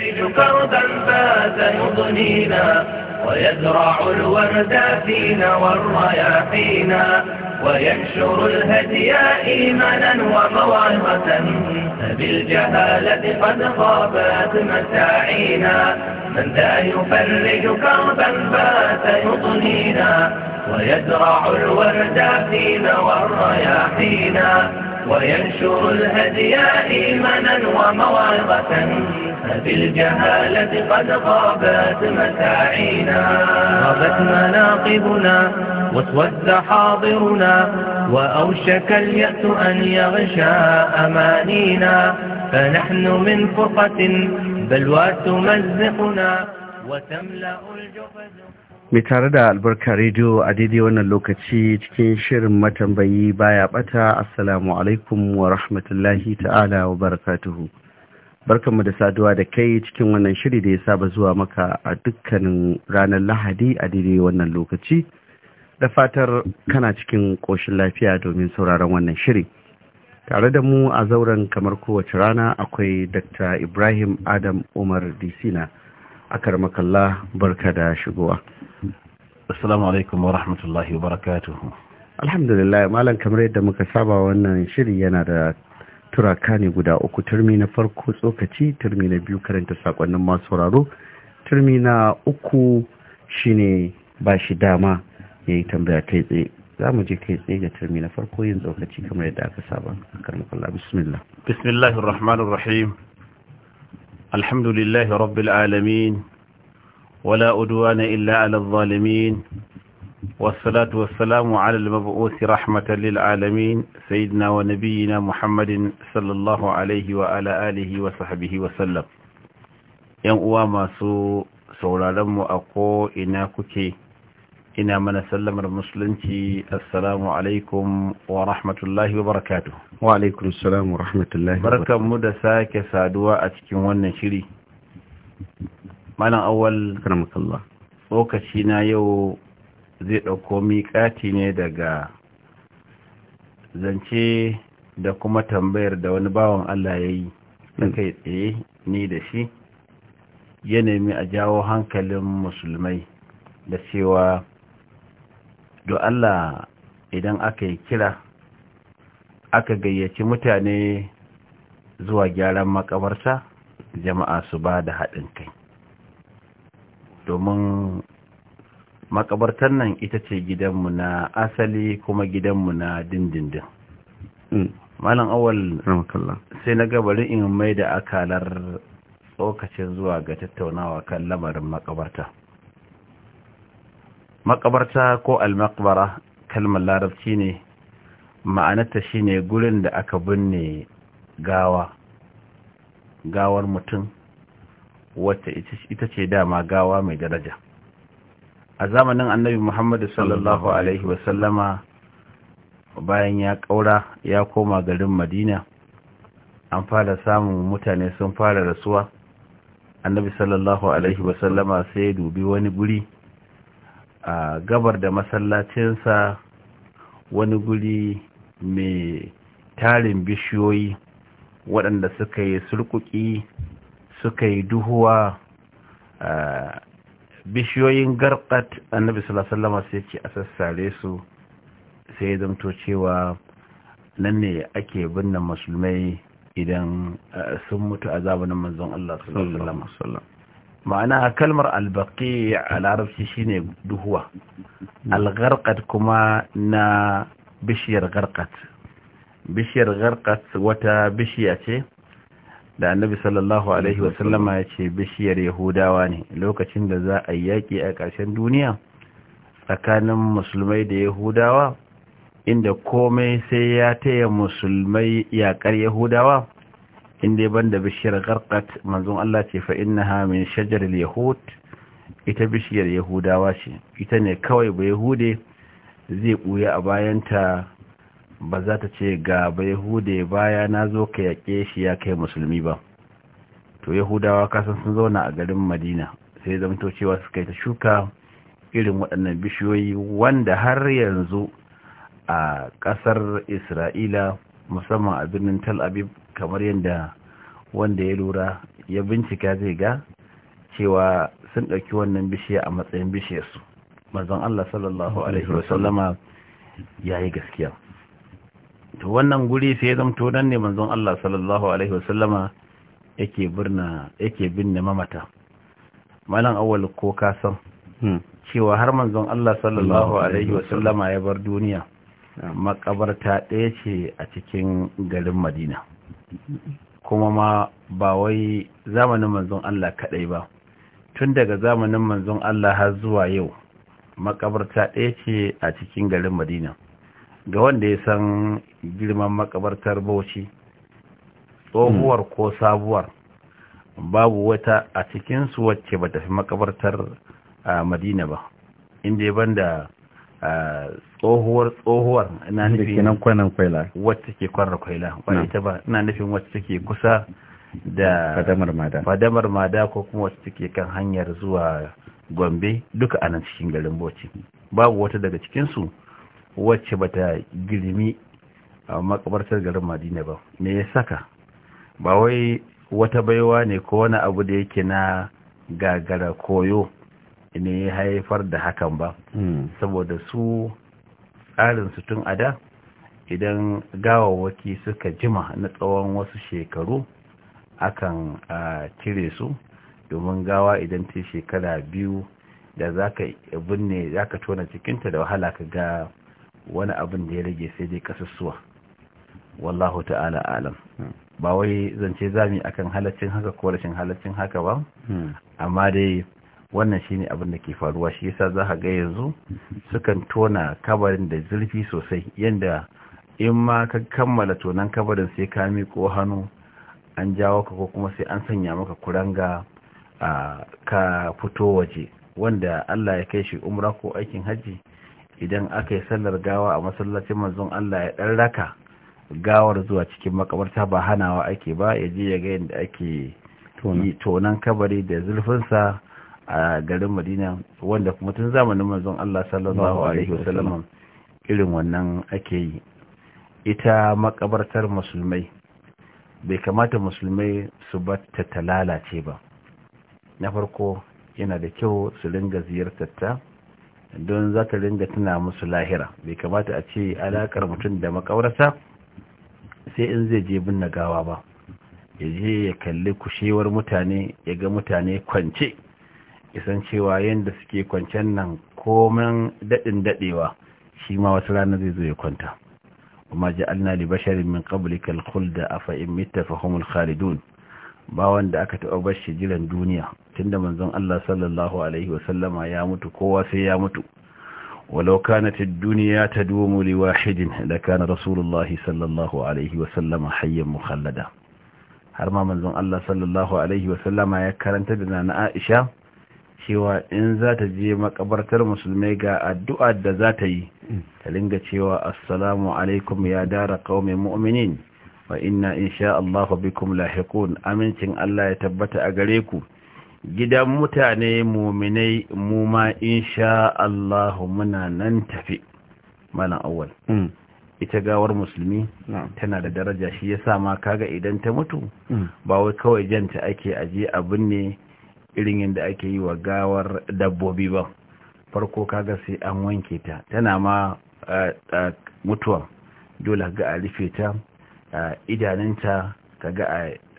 يفرج كربا بات يضنينا ويزرع الورد فينا والرياحينا وينشر الهدي إيمانا وموعظة فبالجهالة قد خابت مساعينا من ذا يفرج كربا بات يضنينا ويزرع الورد فينا والرياحينا وينشر الهدي إيمانا وموعظة بالجهالة قد غابت مساعينا غابت مناقبنا واسود حاضرنا وأوشك اليأس أن يغشى أمانينا فنحن من فرقة بلوى تمزقنا وتملأ الجفز mai tare da albarka rediyo a daidai wannan lokaci cikin shirin matambayi baya bata assalamu alaikum wa rahmatullahi ta'ala wa barakatuhu barkanmu da saduwa da kai cikin wannan shiri da ya saba zuwa maka a dukkanin ranar lahadi a daidai wannan lokaci da fatar kana cikin ƙoshin lafiya domin sauraron wannan shiri tare da mu a zauren kamar kowace rana akwai dr ibrahim adam umar disina a karmakalla barka da shigowa assalamu alaikum wa rahmatullahi wa barakatuhu alhamdulillah malam kamar yadda muka saba wannan shiri yana da turaka ne guda uku turmi na farko tsokaci turmi na biyu karanta sakonnin masu sauraro turmi na uku shine ba shi dama ya yi tambaya kai tsaye za mu je kai tsaye ga turmi na farko yin tsokaci kamar yadda aka saba karmakalla bismillah bismillahir rahmanir rahim alhamdulillahi rabbil alamin wala udwana illa ala zalimin والصلاة والسلام على المبعوث رحمة للعالمين سيدنا ونبينا محمد صلى الله عليه وعلى آله وصحبه وسلم ‘yan uwa masu sauraronmu a ko ina kuke ina mana sallamar musulunci assalamu alaikum wa rahmatullahi wa barakatu wa alaikum assalamu wa rahmatullahi barkanmu da sake saduwa a cikin wannan shiri malam awal karamakallah na yau zai ɗauko miƙati ne daga zance da kuma tambayar da wani bawan Allah ya yi na kai tsaye ni da shi ya nemi a jawo hankalin musulmai da cewa do Allah idan aka yi kira aka gayyaci mutane zuwa gyaran makabarta jama'a su ba da haɗin kai domin makabartar nan ita ce gidanmu na asali kuma gidanmu na dindindin mm. malam awal sai na gabari in mai da akalar tsokacin zuwa ga tattaunawa kan lamarin makabarta makabarta ko almakbara kalmar larabci ne ma'anarta shine gurin da aka binne gawa gawar mutum wata ita ce dama gawa mai daraja a zamanin annabi muhammadu sallallahu alaihi wasallama bayan ya ƙaura ya koma garin madina an fara samun mutane sun fara rasuwa annabi sallallahu alaihi wasallama sai ya dubi wani guri a gabar da masallacinsa wani guri mai tarin bishiyoyi waɗanda suka yi surkuki suka yi duhuwa bishiyoyin garkat annabi sallallahu sai ce a sassare su sai ya zanto cewa nan ne ake binne musulmai idan sun mutu a zamanin manzon Allah sallallahu alaihi ma'ana kalmar albaqi a larabci shine duhuwa algarkat kuma na bishiyar garkat bishiyar garkat wata bishiya ce da annabi sallallahu alaihi wasallama ya ce bishiyar yahudawa ne lokacin da za a yaƙi a ƙarshen duniya tsakanin musulmai da yahudawa inda komai sai ya taya musulmai yaƙar yahudawa inda ban da bishiyar garkat manzon Allah ce fa na hamin sha'jar yahud ita bishiyar yahudawa ce ita ne kawai ba yahude zai ɓuya a bayanta ba za ta ce ga ba ya baya na zo ka yaƙe shi ya kai musulmi ba to yahudawa kasan sun zauna a garin madina sai zamto cewa suka kai ta shuka irin waɗannan bishiyoyi wanda har yanzu a ƙasar isra'ila musamman a birnin Tal Abib kamar yadda wanda ya lura ya bincika zai ga cewa sun ɗauki wannan bishiya a matsayin bishiyarsu mazan allah sallallahu alaihi wasallama ya yi gaskiya to wannan guri sai zamto nan ne manzon Allah sallallahu alaihi wasallama yake birna yake binne mamata malam awwal ko ka san hmm. cewa har manzon Allah sallallahu alaihi wasallama ya bar duniya makabarta ɗaya ce a cikin garin Madina kuma ma ba wai zamanin manzon Allah kadai ba tun daga zamanin manzon Allah har zuwa yau makabarta ɗaya ce a cikin garin Madina ga wanda ya san girman makabartar bauchi tsohuwar ko sabuwar babu wata a cikinsu wacce ba fi makabartar madina ba inda ban da tsohuwar tsohuwar ina nufin kwanan kwaila wacce ke kwanan kwaila ba ita ba ina nufin wacce take kusa da fadamar mada fadamar mada ko kuma wacce take kan hanyar zuwa gombe duka anan cikin garin bauchi babu wata daga cikinsu wacce bata girmi a makabartar garin madina ba me ya saka ba wai wata baiwa ne ko wani abu da yake na gagara koyo ne ya haifar da hakan ba hmm. saboda su tsarin su tun ada idan gawawaki suka jima na tsawon wasu shekaru akan cire su domin gawa idan ta shekara biyu da zaka binne zaka tona cikinta da wahala ka ga wani abin da ya rage sai dai kasussuwa wallahu ta'ala alam hmm. ba wai zance zami akan halaccin haka ko rashin halaccin haka ba hmm. amma dai wannan shine abin da ke faruwa shi yasa za ka ga yanzu sukan tona kabarin da zurfi sosai yanda in ma ka kammala tonan kabarin sai ka miƙo hannu an jawo ka ko kuma sai an sanya maka kuranga a ka fito waje wanda Allah ya kai shi umra ko aikin hajji idan aka yi sallar gawa a masallacin manzon Allah ya dan raka gawar zuwa cikin makabarta ba hanawa ake ba ya je ya ga yadda ake tonan kabari da zurfinsa a garin madina wanda kuma tun zamanin manzon Allah sallallahu alaihi wasallam irin wannan ake yi ita makabartar musulmai bai kamata musulmai su batta ta lalace ba na farko yana da kyau su ringa ziyartar ta don za ta ringa tuna musu lahira bai kamata a ce alakar mutum da makabarta sai in zai je binne gawa ba ya je ya kalli kushewar mutane ya ga mutane kwance isan cewa yadda suke kwancen nan komen daɗin daɗewa shi ma wasu ranar zai zo ya kwanta kuma ja'alna li basharin min qablika kalkul da afa in mitta khalidun ba wanda aka taɓa bashi jiran duniya tunda manzon Allah sallallahu alaihi wa ya mutu kowa sai ya mutu ولو كانت الدنيا تدوم لواحد لكان رسول الله صلى الله عليه وسلم حيا مخلدا har ma manzon Allah sallallahu alaihi wa sallama ya karanta da nana Aisha cewa in za ta je makabartar musulmai ga addu'a da za ta yi ta linga cewa assalamu alaikum ya dara qaumi mu'minin wa inna insha Allah bikum lahiqun amincin Allah ya tabbata a gare ku gidan mutane muminai mu ma insha Allah muna nan tafi mana awwal hmm. ita gawar musulmi tana da daraja shi yasa ma kaga idan ta mutu hmm. ba wai kawai janta ake aje abin ne irin yadda ake yi wa gawar dabbobi ba farko kaga sai an wanke ta tana ma mutuwa dole ga a rufe ta idanunta kaga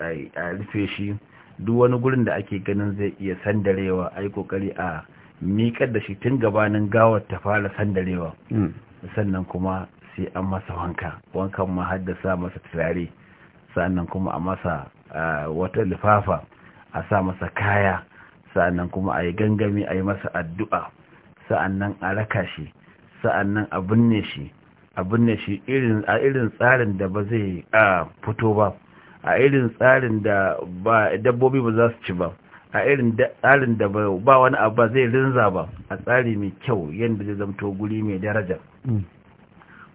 a rufe shi duk wani gurin da ake ganin zai iya sandarewa a yi kokari a miƙar da shi tun gabanin gawar ta fara sandarewa mm. sannan kuma sai an masa wanka wankan ma haddasa masa turare sannan kuma a masa wata lifafa a sa masa kaya sannan kuma a yi gangami a yi masa addu'a sa'annan a raka shi sa'annan a binne shi a binne shi a irin tsarin da ba zai fito ba a irin tsarin da ba dabbobi ba za su ci ba a irin tsarin da ba wani abu zai rinza ba a tsari mai kyau yadda zai zamto guri mai daraja mm.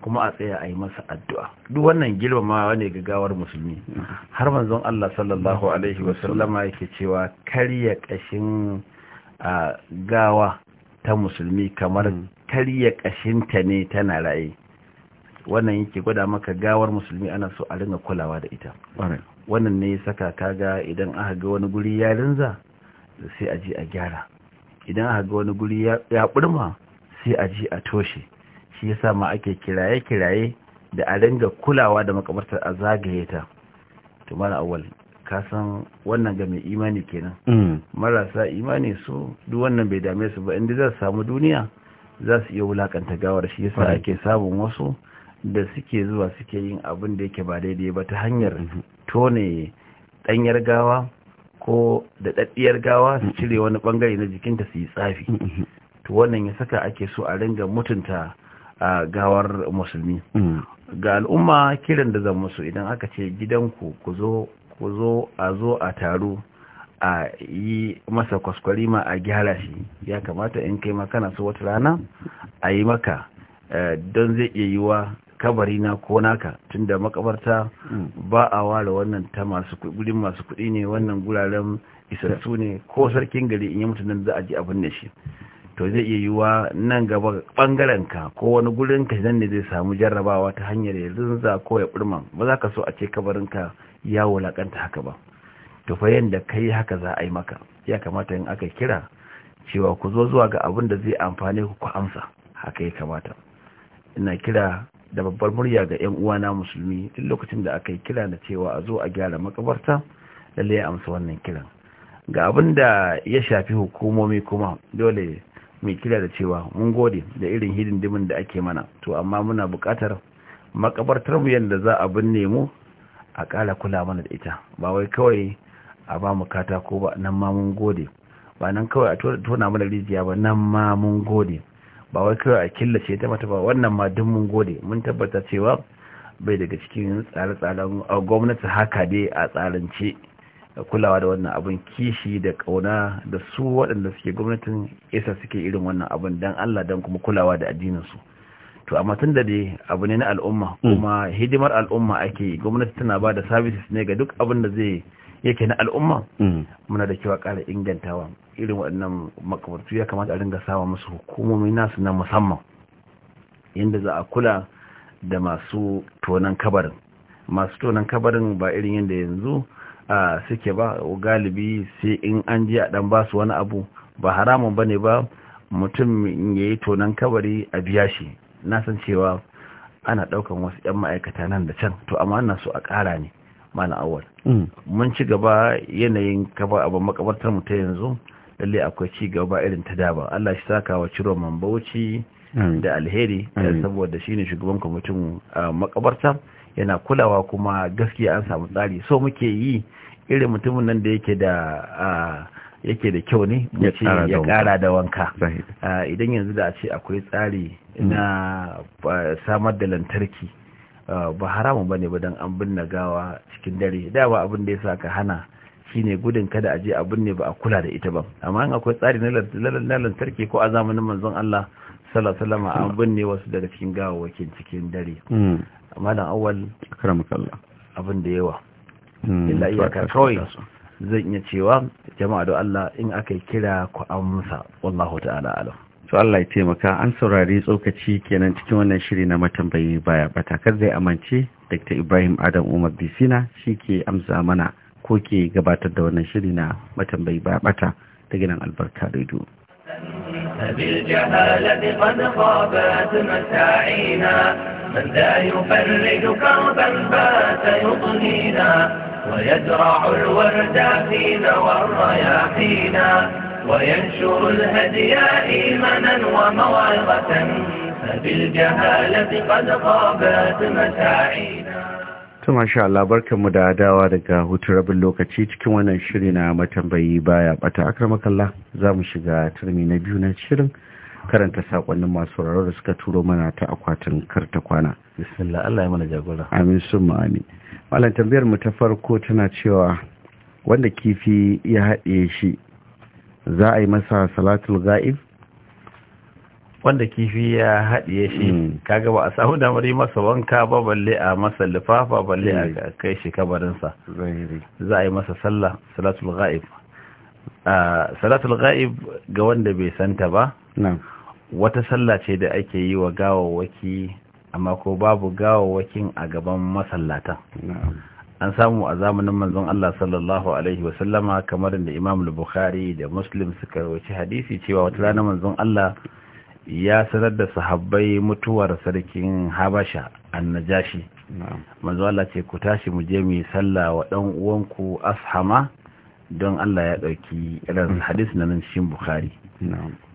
kuma a tsaya a yi masa addu'a duk wannan girmamawa ne gagawar musulmi har manzon Allah sallallahu alaihi wasallama yake cewa karya kashin gawa ta musulmi kamar mm. karya kashinta ne tana ra'ayi wannan yake gwada maka gawar musulmi ana so a ringa kulawa da ita wannan ne saka kaga idan aka ga wani guri ya rinza sai a je a gyara idan aka ga wani guri ya burma sai a je a toshe shi yasa ma ake kiraye kiraye da a ringa kulawa da makabartar a zagaye ta to mara awal ka san wannan ga mai imani kenan mm. marasa imani su duk wannan bai dame su ba inda za su samu duniya za su iya wulakanta gawar shi yasa ake samun wasu da suke zuwa suke yin abin da yake ba daidai ba ta hanyar tone ɗanyar gawa ko da daddiyar gawa su cire wani bangare na jikinta su yi tsafi to wannan ya saka ake so a ringa mutunta a gawar musulmi ga al'umma kiran da zan musu idan aka ce gidanku ku zo a zo a taro a yi masa kwaskwari ma a gyara shi ya kamata in kai makana su wata rana a yi maka eh, don zai iya yiwa kabari na ko naka tunda makabarta hmm. ba a ware wannan ta masu gudun masu kuɗi ne wannan guraren isassu ne ko sarkin gari in yi mutum nan za a ji abin da shi to zai iya yiwuwa nan gaba bangaren ka ko wani gurin ka nan ne zai samu jarrabawa ta hanyar ya zunza ko ya burma ba za ka so a ce kabarin ka ya wulakanta haka ba to fa yanda kai haka za a yi maka ya kamata in aka kira cewa ku zo zuwa ga abin da zai amfane ku ku amsa haka ya kamata ina kira da babbar murya ga yan uwana musulmi duk lokacin da aka yi kira na cewa a zo a gyara makabarta lalle ya amsa wannan kiran ga abin da ya shafi hukumomi kuma dole mai kira da cewa mun gode da irin hidindimin da ake mana to amma muna buƙatar makabartar mu yadda za a binne mu a ƙala kula mana da ita ba wai kawai a ba mu katako ba nan ma mun gode ba nan kawai a tona mana rijiya ba nan ma mun gode ba wai kawai a killace ta mata ba wannan ma duk mun gode mun tabbata cewa bai daga cikin tsare-tsaren gwamnati haka dai a tsarance kulawa da wannan abin kishi da kauna da su waɗanda suke gwamnatin isa suke irin wannan abun dan allah dan kuma kulawa da addinin su to amma tun da dai abu ne na al'umma mm. kuma hidimar al'umma ake gwamnati tana ba da services ne ga duk abin da zai yake na al'umma mm. muna da cewa ƙara ingantawa irin waɗannan makamartu ya kamata a ringa sawa musu hukumomi nasu na musamman yadda za a kula da masu tonan kabarin masu tonan kabarin ba irin yadda yanzu a suke ba galibi sai in an je a dan basu wani abu ba haramun bane ba mutum ya yi tonan kabari a biya shi na san cewa ana ɗaukan wasu 'yan ma'aikata nan da can to amma ana so a ƙara ne mana awal mm. mun ci gaba yanayin kaba abu makabartar mu ta yanzu lalle akwai ci gaba irin ta daba Allah shi saka wa ciro man bauchi da alheri eh, saboda shine shugaban kwamitin makabarta yana kulawa kuma gaskiya an samu tsari so muke yi irin mutumin nan da yake da yake da kyau ne ce ya kara da wanka idan yanzu da a ce akwai tsari mm. na samar da lantarki Ah, ba haramun bane ba don an binne gawa cikin dare da ba abin da sa ka hana shine gudun kada a je a binne ba a kula da ita ba amma in akwai tsari na lantarki ko a zamanin manzon Allah sallallahu alaihi an binne wasu daga cikin gawawakin cikin dare hmm. amma da awwal abin da yawa hmm, illa iyaka kawai zan iya cewa jama'a da Allah in aka kira ku amsa wallahu ta'ala alam to Allah ya taimaka an saurari tsokaci kenan cikin wannan shiri na matambayi baya batakar zai amince Dr. Ibrahim Adam Umar Bisina shi ke amsa mana ko ke gabatar da wannan shiri na matambayi baya bata ta nan albarka radio. بالجهالة قد خابت مساعينا من ذا كربا بات ويزرع الورد فينا والرياحينا وينشر الهدي إيمانا وموعظة فبالجهالة قد غابت مساعينا to masha Allah barkanmu da dawa daga hutu rabin lokaci cikin wannan shiri na matambayi baya bata akramakallah za mu shiga turmi na biyu na shirin karanta sakonnin masu sauraro da suka turo mana ta akwatin karta kwana bismillah Allah ya mana jagora amin sun ma'ani. malam tambayar mu ta farko tana cewa wanda kifi ya haɗe shi za a yi masa salatul ga'ib wanda kifi ya haɗiye shi hmm. kaga ba a samu damar yi masa wanka ba balle a masa lifafa balle a hmm. kai shi kabarinsa za a yi masa sallah salatul ga'ib salatul ga'ib ga wanda bai santa ba wata sallah ce da ake yi wa gawawwaki amma ko babu gawawwakin a gaban masallatan an samu a zamanin manzon Allah sallallahu alaihi wasallama kamar da Imam Bukhari da Muslim suka rawaci hadisi cewa wata rana manzon Allah ya sanar da sahabbai mutuwar sarkin Habasha annajashi manzon Allah ce ku tashi mu je mu salla wa dan uwanku Ashama don Allah ya dauki irin mm. hadisi nan cikin Bukhari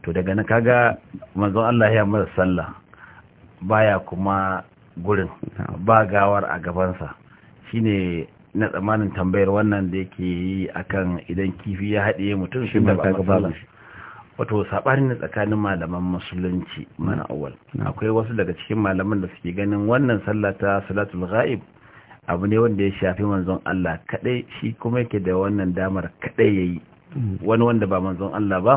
to daga na kaga manzon Allah ya mara sallah baya kuma gurin ba gawar a gabansa Shi ne na tsamanin tambayar wannan da yake yi akan idan kifi ya haɗe mutum shi da ba wato saɓari na tsakanin malaman musulunci mana awal akwai wasu daga cikin malaman da suke ganin wannan sallah ta salatul ghaib abu ne wanda ya shafi manzon Allah kadai shi kuma yake da wannan damar kadai yi hmm. wani wanda ba manzon Allah ba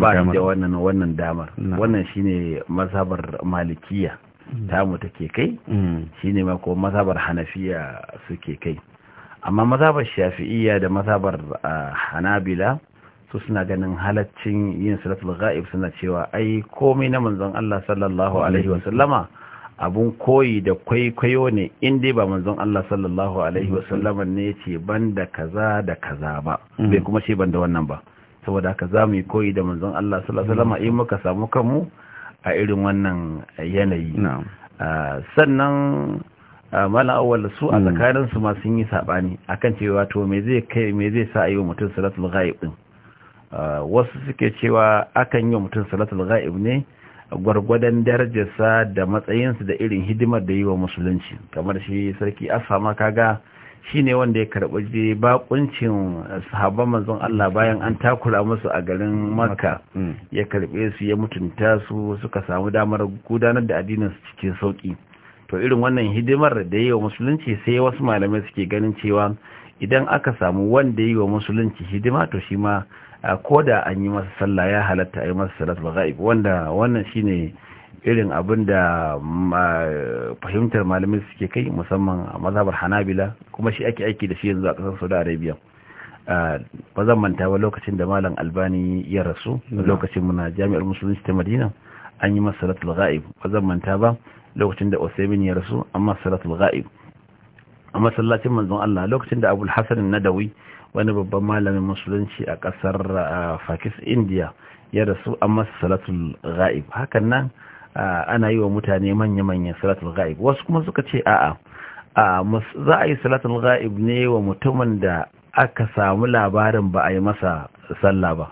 ba da wannan wannan damar wannan shine mazhabar malikiya Mm. tamu take kai mm. shine ma ko mazhabar hanafiya suke kai amma mazhabar shafi'iyya da mazhabar ah, hanabila su suna ganin halaccin yin salatul ghaib suna cewa ai komai na manzon Allah sallallahu mm. alaihi wa sallama abun koyi da kwaikwayo ne in dai ba manzon Allah sallallahu alaihi wa sallama ne ce banda kaza da kaza ba bai kuma ce banda wannan ba saboda haka za mu yi koyi da manzon Allah sallallahu alaihi wa sallama in muka samu kanmu a irin wannan yanayi ah, sannan ah, mala awal su a hmm. tsakanin su ma sun yi sabani akan cewa to me zai kai me zai sa wa mutum salatul ghaib din ah, wasu suke cewa akan yi wa mutum salatul ghaib ne gwargwadon darajarsa da matsayinsa da irin hidimar da yi wa musulunci kamar shi sarki asama kaga shine wanda ya karɓi bakuncin sahabban manzon Allah bayan an takura musu a garin Makka mm. ya karɓe su ya mutunta su suka samu damar gudanar da addinin su cikin sauki to irin wannan hidimar da yi wa musulunci sai wasu malamai suke ganin cewa idan aka samu wanda yi wa musulunci hidima to shi ma ko an yi masa sallah ya halatta a yi masa salat ba wanda wannan shine irin abin da fahimtar malamai suke kai musamman a mazhabar hanabila kuma shi ake aiki da shi yanzu a ƙasar saudi arabia ba zan manta ba lokacin da malam albani ya rasu lokacin muna jami'ar musulunci ta madina an yi masa salatul ga'ib ba zan manta ba lokacin da osemin ya rasu an masa salatul ga'ib a masallacin manzon allah lokacin da abul hasan nadawi wani babban malamin musulunci a ƙasar fakis india ya rasu an masa salatul ga'ib hakan nan ana yi wa mutane manya-manyan salatul ghaib wasu kuma suka ce a'a a za a yi salatul ghaib ne wa mutumin da aka samu labarin ba a yi masa sallah ba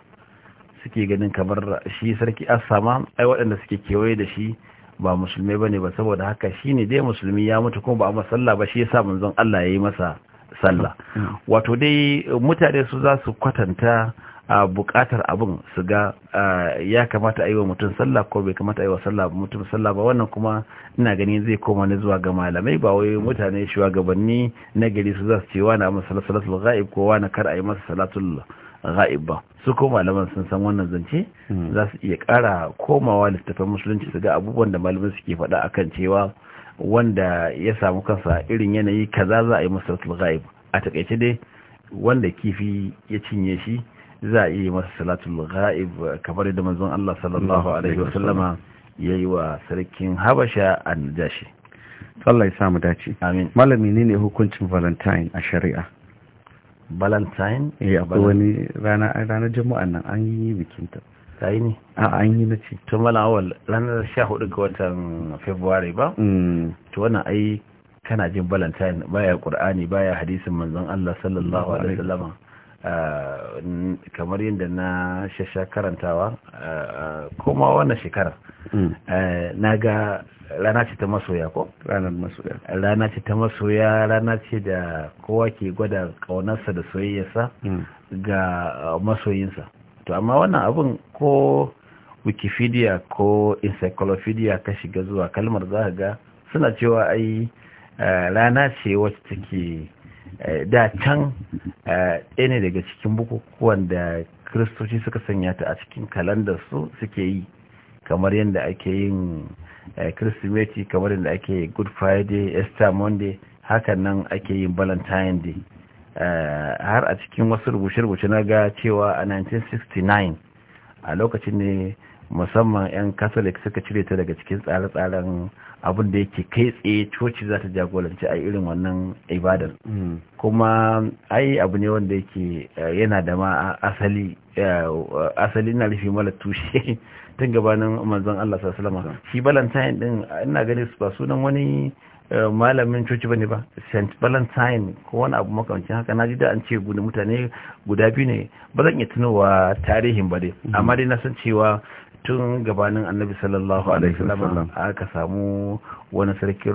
suke ganin kamar shi sarki asama ai waɗanda suke kewaye da shi ba musulmi bane ba saboda haka shine dai musulmi ya mutu kuma ba a masa ba shi yasa manzon Allah ya yi masa sallah mm. wato dai mutane su za su kwatanta a bukatar abin su ga ya kamata a yi wa mutum sallah ko bai kamata a yi wa mutum sallah ba wannan kuma ina gani zai koma ni zuwa ga malamai ba wai mutane shugabanni na gari su za su ce wani a masa salatul ghaib ko wani kar a yi masa salatul ghaib ba su ko malaman sun san wannan zance mm. za su iya kara komawa littattafan musulunci su ga abubuwan da malamin suke faɗa akan cewa wanda ya samu kansa irin yanayi kaza za a yi masa salatul ghaib a takaice dai wanda kifi ya cinye shi za a yi masa salatul ghaib kamar da manzon Allah sallallahu alaihi wasallama yayi wa sarkin Habasha annajashi Allah ya samu dace amin malami ne ne hukuncin valentine a shari'a valentine eh akwai wani rana ranar juma'an nan an yi bikin ta. ta yi ne a an yi na ce tun mana awal ranar sha hudu ga watan february ba mm. to wannan ai kana jin valentine baya qur'ani baya hadisin manzon allah sallallahu alaihi wasallam kamar yadda na shasha karantawa kuma wannan shekarar mm. na ga rana ce ta masoya ko? ranar masoya rana ce ta masoya rana ce da kowa ke gwada kaunarsa da soyayyarsa mm. ga masoyinsa to amma wannan abin ko wikipedia ko encyclopedia ka shiga zuwa kalmar za ga suna cewa ai eh, rana ce wacce take eh, da can eh, ɗaya ne daga cikin bukukuwan da kiristoci suka sanya ta a cikin kalandar su suke yi kamar yadda ake yin kirsimeti kamar yadda ake good friday easter monday hakan nan ake yin valentine day Eh, har a cikin wasu rubuce-rubuce na ga cewa a 1969 a lokacin ne musamman 'yan catholic suka cire ta daga cikin tsare-tsaren abin da yake kai tsaye coci za ta jagoranci a irin wannan ibadar hmm. kuma ai abu ne wanda yake eh, yana da ma asali eh, asali na rufe mala tushe tun gabanin manzon Allah sallallahu alaihi wasallam hmm. shi valentine din ina ganin ba sunan wani malamin coci bane ba st valentine ko wani abu makamcin haka na ji da an ce guda mutane guda biyu ne ba zan iya tunowa tarihin ba dai mm-hmm. amma dai na san cewa tun gabanin annabi sallallahu alaihi wasallam aka samu wani sarki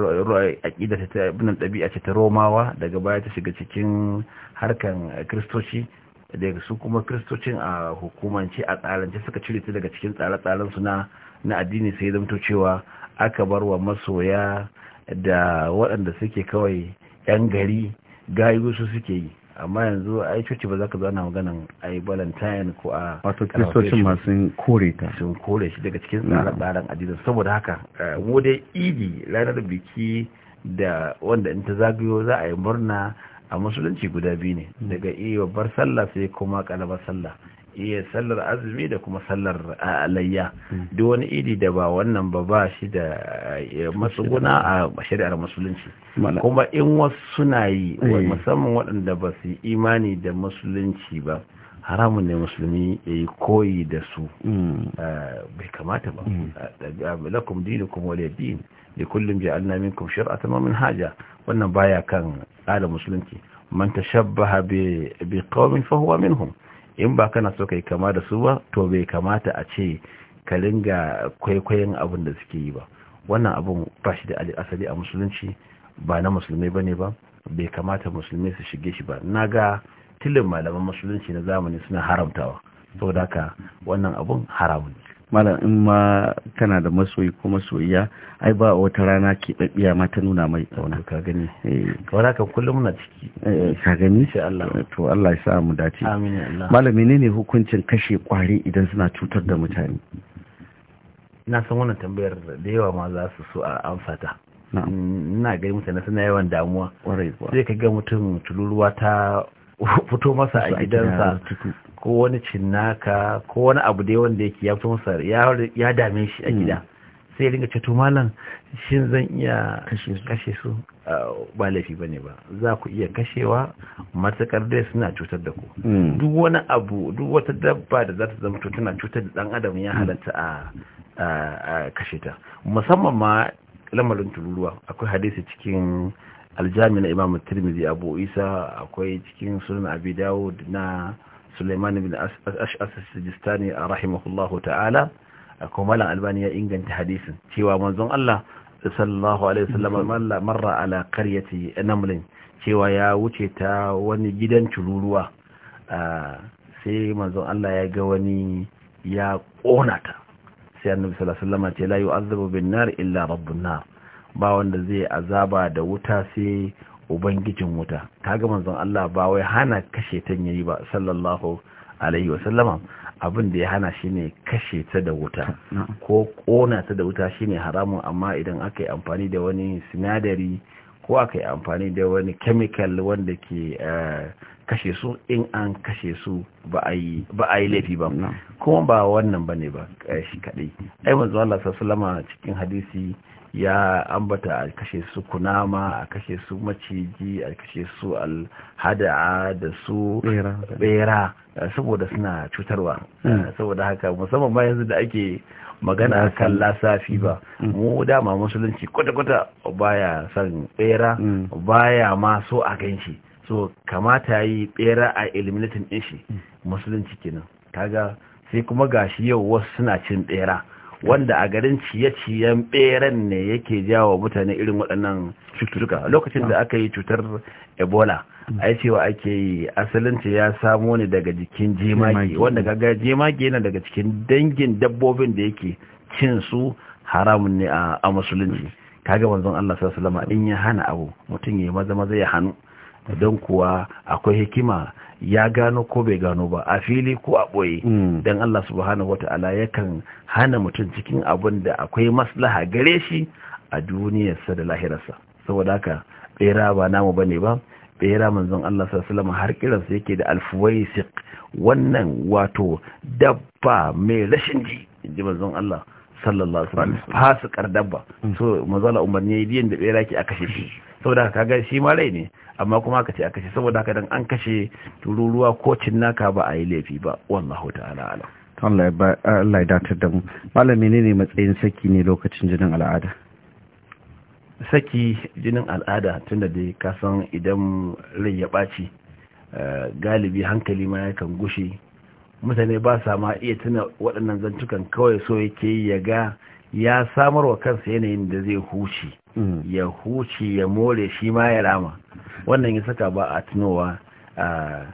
aqida ta ibn dabi'a ce ta romawa daga baya ta shiga cikin harkan kristoci daga su kuma kristocin a hukumance a tsarance suka cire ta daga cikin tsare-tsaren su na na addini sai zamto cewa aka bar wa masoya da waɗanda suke kawai 'yan gari gayu su suke yi amma yanzu ai coci ba za ka zana maganan ai valentine ko a wato kristocin masu kore ta sun kore shi daga cikin tsare adidas saboda haka eh, mu dai idi ranar biki da wanda in ta zagayo za a yi murna a musulunci guda biyu ne hmm. daga iya babbar sallah sai kuma kalabar sallah iya sallar azumi da kuma sallar alayya duk wani idi da ba wannan ba ba shi da matsuguna a shari'ar musulunci kuma in wasu suna yi eh. musamman waɗanda ba su yi imani da musulunci ba haramun ne musulmi ya yi koyi da su hmm. bai kamata ba hmm. daga lakum kuma wale din da kullum ja'alna minkum ta wa haja wannan baya kan ala musulunci man tashabbaha bi qaumin fa huwa minhum in ba kana so kai kama da su ba to bai kamata a ce ka ringa kwaikwayon abin da suke yi ba wannan abin ba shi da asali a musulunci ba na musulmai bane ba bai kamata musulmai su shige shi ba na ga tilin malaman musulunci na zamani suna haramtawa saboda haka wannan abun haramun ne malam in ma kana da masoyi ko masoyiya ai ba wata rana keɓaɓɓiya ma ta nuna mai tsauna ka gani eh. kawai haka kullum muna ciki eh, ka gani sai Allah to Allah ya sa mu dace amin Allah malam menene hukuncin kashe ƙwari idan suna cutar da mutane ina san wannan tambayar da yawa ma za su so a amsata ina ganin mutane suna yawan damuwa sai ka ga mutum tuluruwa ta fito masa a gidansa ko wani cinnaka ko wani abu dai wanda yake ya fito masa ya dame shi a hmm. gida sai ringa ce malam shin zan iya kashe su ba laifi ba ne ba za ku iya kashewa matakar dai suna cutar da ku hmm. duk wani abu duk wata dabba da za ta zama tana cutar da dan adam ya hmm. halatta a kashe ta musamman ma lamarin tururuwa akwai hadisi cikin aljami na imam tirmidhi abu isa akwai cikin sunan abi dawud na suleiman bin ash'as sijistani a rahimahullahu ta'ala akwai malam albani ya inganta hadisin cewa manzon Allah sallallahu alaihi wasallam marra ala qaryati namlin cewa ya wuce ta wani gidan tururuwa sai manzon Allah ya ga wani ya kona ta sai annabi sallallahu alaihi wasallam ce la yu'adhabu bin nar illa rabbun nar ba wanda zai azaba da wuta sai ubangijin wuta kaga manzon Allah ba wai hana kashe ta yayi ba sallallahu alaihi wa sallama abin da ya hana shine kashe ta da wuta ko kona ta da wuta shine haramun amma idan aka yi amfani da wani sinadari ko aka yi amfani da wani chemical wanda ke eh, kashe su in an kashe su ba a yi laifi ba kuma ba wannan bane ba eh, shi kaɗai ai manzo Allah sallama cikin hadisi ya ambata a kashe su kunama a kashe su maciji a kashe su alhada da su bera saboda suna cutarwa mm. eh, saboda haka musamman ma yanzu da ake magana kan lasafi ba mm. mu dama musulunci kwata-kwata baya san bera mm. baya ma so a ganshi so kamata yi bera a eliminatin din shi musulunci kenan kaga sai kuma gashi yau wasu suna cin bera wanda a garin ciye-ciyen beren ne yake jawo mutane irin waɗannan cututtuka lokacin da aka yi cutar ebola mm. a cewa ake yi asalinta ya samo ne daga jikin jemage wanda gaga jemage yana daga cikin dangin dabbobin da yake cin su haramun ne a musulunci kaga manzon Allah sallallahu alaihi wasallam in ya hana abu mutum ya maza maza ya hannu don kuwa akwai hikima ya gano ko bai gano ba a fili ko a ɓoye mm. don Allah subhanahu ta'ala yakan hana mutum cikin abin da akwai maslaha gare shi a duniyarsa da lahirarsa saboda haka bera ba namu ba ne ba bera manzon Allah sallallahu har kiransa yake da alfuwaisiq wannan wato dabba mai rashin ji inji manzon Allah sallallahu alaihi wasallam fasikar dabba mm. so manzon Allah umarni yayin da bera ke aka shi saboda ka ga shi ma rai ne amma kuma aka ce aka ce saboda haka dan an kashe tururuwa ko cinnaka ba a yi laifi ba wallahu ta'ala alam Allah ya datar da mu malami ne matsayin saki ne lokacin jinin al'ada saki jinin al'ada tunda dai ka san idan rai ya ɓaci eh, galibi hankali ma yakan gushe mutane ba sa ma iya tuna waɗannan zantukan kawai so yake yi ya ga ya samar wa kansa yanayin da zai huce mm. ya huce ya more shi ma ya rama wannan ya saka ba a tunowa a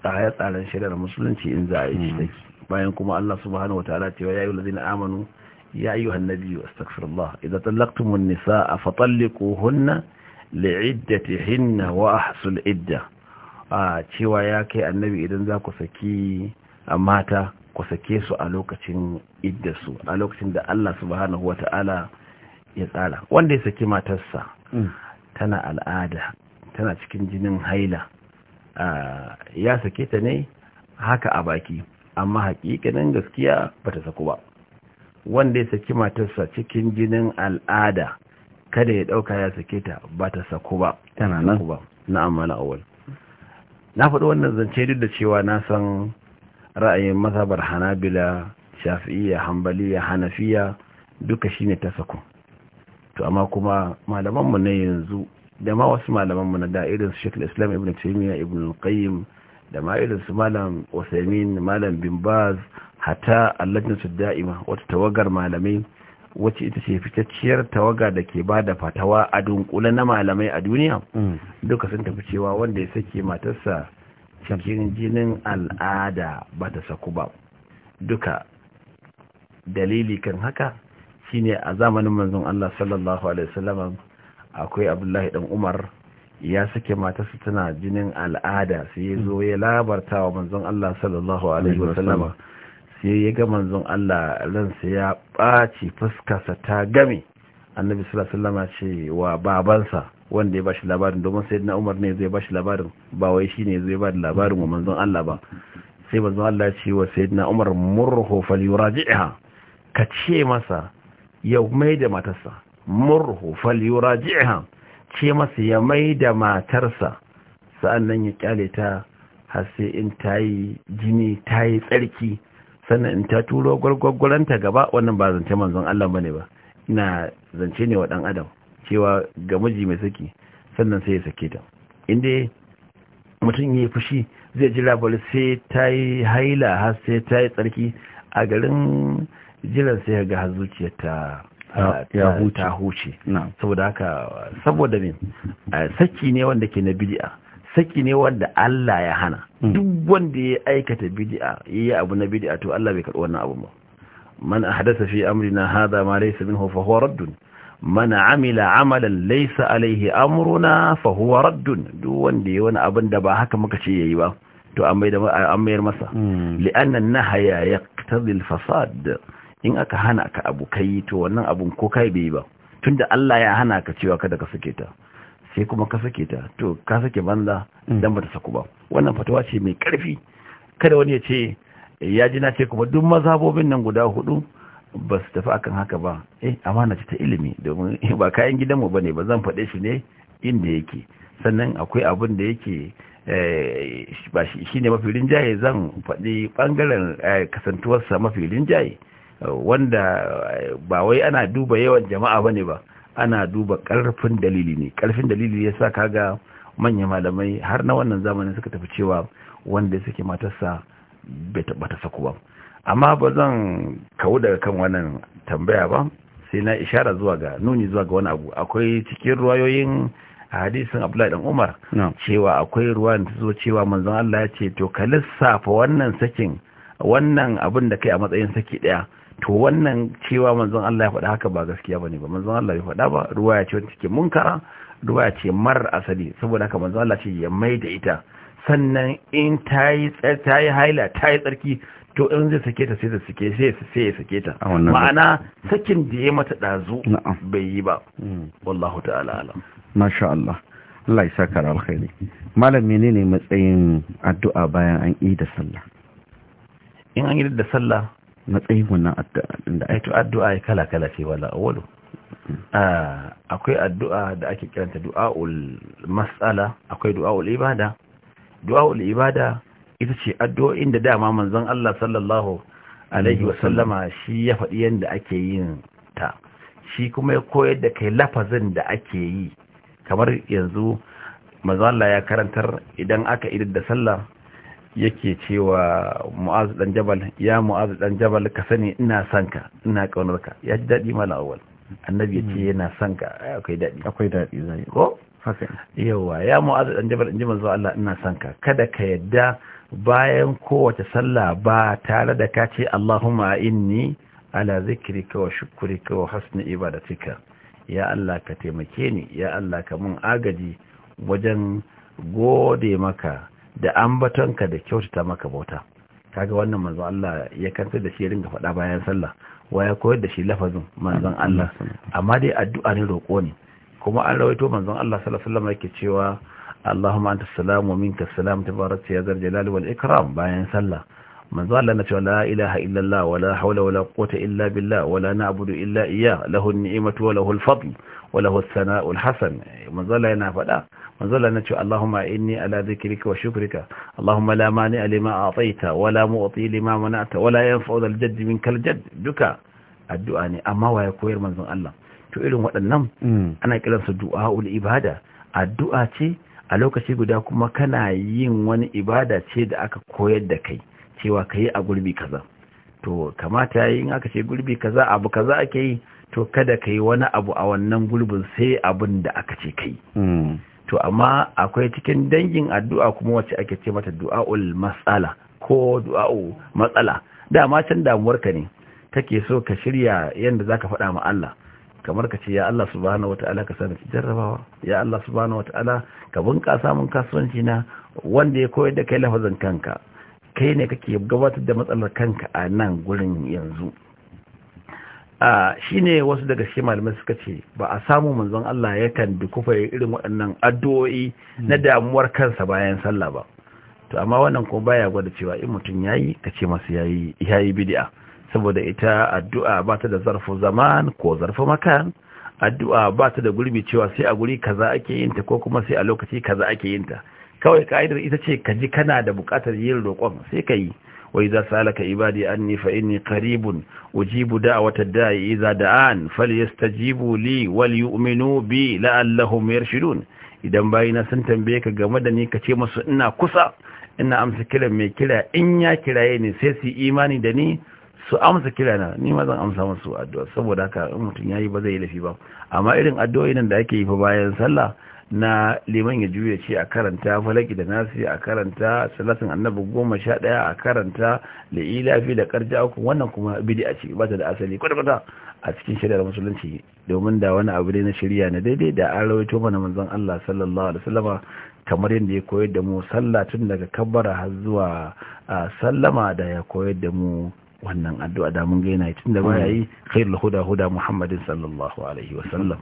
tsare-tsaren shari'ar musulunci in za a yi shi mm. bayan kuma Allah subhanahu wa ta'ala cewa ya yi lazina amanu ya yi hannabi wa astaghfirullah idza talaqtumun nisaa fa talliquhunna li'iddatihinna wa ahsul idda a cewa ya kai annabi idan za ku saki mata ku sake su a lokacin idda su a lokacin da Allah subhanahu wata'ala ya tsara wanda ya saki matarsa mm. tana al'ada tana cikin jinin haila ya sake ta ne haka a baki amma hakikanin gaskiya ba ta saku ba wanda ya saki matarsa cikin jinin al'ada kada ya ɗauka ya sake ta bata saku ba tana nan ba na awal na faɗi wannan zance duk da cewa na san ra'ayin mazhabar hanabila shafi'iyya hanbaliya hanafiya duka shine ta sako to amma kuma malamanmu na yanzu da ma wasu malamanmu na da irin su islam ibn taimiyya ibn qayyim da ma irin su malam usaymin malam bin baz hatta allajin da'ima wata tawagar malamai wacce ita ce fitacciyar tawaga da ke ba da fatawa a dunkule na malamai a duniya mm. duka sun tafi cewa wanda ya sake matarsa cikin jinin al'ada ba ta saku ba duka dalili kan haka shine a zamanin manzon Allah sallallahu alaihi wasallam akwai Abdullahi dan Umar ya sake matarsa tana jinin al'ada sai ya zo ya labarta wa manzon Allah sallallahu alaihi wasallam sai ya ga manzon Allah ransa ya baci fuskarsa ta game annabi sallallahu alaihi wasallam ce wa babansa wanda ya bashi labarin domin sai na umar ne zai bashi labarin ba wai shi ne zai bada labarin wa manzon Allah ba sai manzon Allah ce wa sayyidina umar murhu falyuraji'ha ka ce masa ya mai da matarsa murhu falyuraji'ha ce masa ya mai da matarsa sa'annan ya kyale ta har sai in tayi jini tayi tsarki sannan in ta turo gwargwargwaranta gaba wannan ba zance manzon Allah bane ba ina zance ne wa dan adam cewa ga miji mai saki sannan sai ya sake ta inda mutum ya fushi zai ji labar sai ta yi haila har sai ta yi tsarki a garin jiran sai ga har zuciyar ta ah, ta huce saboda haka saboda ne ah, saki ne wanda ke na bidi'a saki ne wanda Allah ya hana hmm. duk wanda ya aikata bid'a yi abu na bid'a to Allah bai karɓi wannan abu ba man ahdatha fi amrina hadha ma laysa minhu fa huwa raddun Mana amila amalan Laisa alaihi amruna fa huwa raddun duk wanda yayi wani abin da ba haka muka ce yayi ba to an da mayar masa hmm. anna nahaya yaqtadi al-fasad in aka hana ka abu kai to wannan abun ko kai bai ba tunda Allah ya hana ka cewa kada ka sake ta sai kuma ka sake ta to ka sake banza hmm. dan ba ta saku ba wannan fatawa ce mai karfi kada wani ya ce ya ji na ce kuma duk mazhabobin nan guda hudu ba su tafi akan haka ba eh amana ta ilimi domin ba kayan gidanmu ba ne ba zan faɗe shi ne inda yake sannan akwai abin da yake eh, ba shi ne mafi rinjaye zan faɗi ɓangaren eh, kasantuwarsa mafi rinjaye wanda eh, ba wai ana duba yawan jama'a ba ba ana duba ƙarfin dalili ne ƙarfin dalili ya sa kaga manyan malamai har na wannan zamanin suka tafi cewa wanda suke matarsa bata saku ba amma ba zan kawo daga kan wannan tambaya ba sai na ishara zuwa ga nuni zuwa ga wani abu akwai cikin ruwayoyin hadisin abdullahi dan umar cewa akwai ruwan ta zo cewa manzon Allah ya ce to ka lissafa wannan sakin wannan abin da kai a matsayin saki daya to wannan cewa manzon Allah ya faɗa haka ba gaskiya bane ba manzon Allah ya faɗa ba ruwa ya ce wani cikin munkara ruwa ya ce mar asali saboda haka manzon Allah ce ya mai da ita sannan in ta haila ta yi tsarki to in zai sake ta sai ta sake sai ya sake ta ma'ana sakin da ya mata dazu bai yi ba hmm. wallahu ta'ala alam masha Allah Allah ya saka alkhairi malam menene matsayin addu'a bayan an yi da sallah in an yi da sallah matsayin wannan addu'a da ai to addu'a ya kala kala ce wala awwalu hmm. ah, akwai addu'a da ake kiranta du'a'ul mas'ala akwai du'a'ul ibada du'a'ul ibada ita ce addu'o'in da dama manzon Allah sallallahu alaihi wasallama shi ya faɗi yadda ake yin ta shi kuma ya koyar da kai lafazin da ake yi kamar yanzu Allah ya karantar idan aka idar da sallah yake cewa mu'azu dan jabal ya mu'azu dan jabal ka sani ina son ka ina kaunar ka ya ji daɗi mala awal annabi ya ce hmm. yana son ka akwai daɗi akwai daɗi zai ko yawa ya mu'azu dan jabal in ji manzo Allah ina son ka kada ka yadda bayan kowace sallah ba tare da ka ce Allahumma inni ala zikrika wa shukrika wa husni ibadatika ya Allah ka taimake ni ya Allah ka mun agaji wajen gode maka da ambatonka da kyautata maka bauta kaga wannan manzo Allah ya kanta da shi ringa faɗa bayan sallah wa ya koyar da shi lafazin manzon Allah amma dai addu'a ne roƙo ne kuma an rawaito manzon Allah sallallahu alaihi wasallam yake cewa Allahumma anta ta minka salam tabarakta ya zarjalal wal ikram bayan sallah manzo Allah na cewa illallah wala illa billah wala na'budu illa iyyah an-ni'matu wa lahu al-fadl wa lahu as Allah yana faɗa manzo Allah na cewa Allahumma inni ala dhikrika duka addu'a ne amma waye koyar manzon Allah irin waɗannan mm. ana kiransu ibada addu'a ce a lokaci guda kuma kana yin wani ibada ce da aka koyar da kai cewa ka yi a gurbi kaza to kamata yi in aka ce gurbi kaza abu kaza ake yi to kada ka yi wani abu a wannan gurbin sai abin da aka ce kai hmm. to amma akwai cikin dangin addu'a kuma wacce ake ce mata du'a'ul matsala ko du'a'u matsala dama can damuwarka ne kake so ka shirya yadda zaka faɗa ma Allah kamar ka ce ya Allah subhanahu wata'ala ka sani jarrabawa ya Allah subhanahu wata'ala ka bunƙasa mun kasuwanci na wanda ya koyar da kai lafazin kanka kai ne kake gabatar da matsalar kanka a nan gurin yanzu a shine wasu daga cikin malamai suka ce ba a samu manzon Allah ya yakan dukufa irin waɗannan addu'o'i na hmm. damuwar kansa bayan sallah ba to amma wannan kuma baya gwada cewa in mutum yayi kace masa yayi yayi bid'a saboda ita addu'a ba ta da zarfin zaman ko zarfin makan addu'a ba ta da gurbi cewa sai a guri kaza ake yin ta ko kuma sai a lokaci kaza ake yin ta kawai ka'idar ita ce ka ji kana da bukatar yin roƙon sai ka yi Wai za su salaka ibadi anni fa inni qaribun ujibu da'wata da'i idza da'an falyastajibu li wal yu'minu bi la'allahum yarshudun idan na sun tambaye ka game da ni ka ce musu ina kusa ina amsa kiran mai kira in ya kiraye ni sai su imani da ni su amsa kira na ni ma zan amsa musu addu'a saboda haka in mutum yayi ba zai yi lafi ba amma irin addu'o'i nan da ake yi fa bayan sallah na liman ya juya ce a karanta falaki da nasi a karanta salatin annabi goma sha ɗaya a karanta da ilafi da karja uku wannan kuma bidi a ciki bata da asali kwata-kwata a cikin shari'ar musulunci domin da wani abu ne na shirya na daidai da an rawaito mana manzon Allah sallallahu alaihi wasallama kamar yadda ya koyar da mu sallah tun daga kabbara har zuwa sallama da ya koyar da mu wannan addu'a da mun gaina tun da baya mm. yi khairul huda huda muhammadin sallallahu alaihi wasallam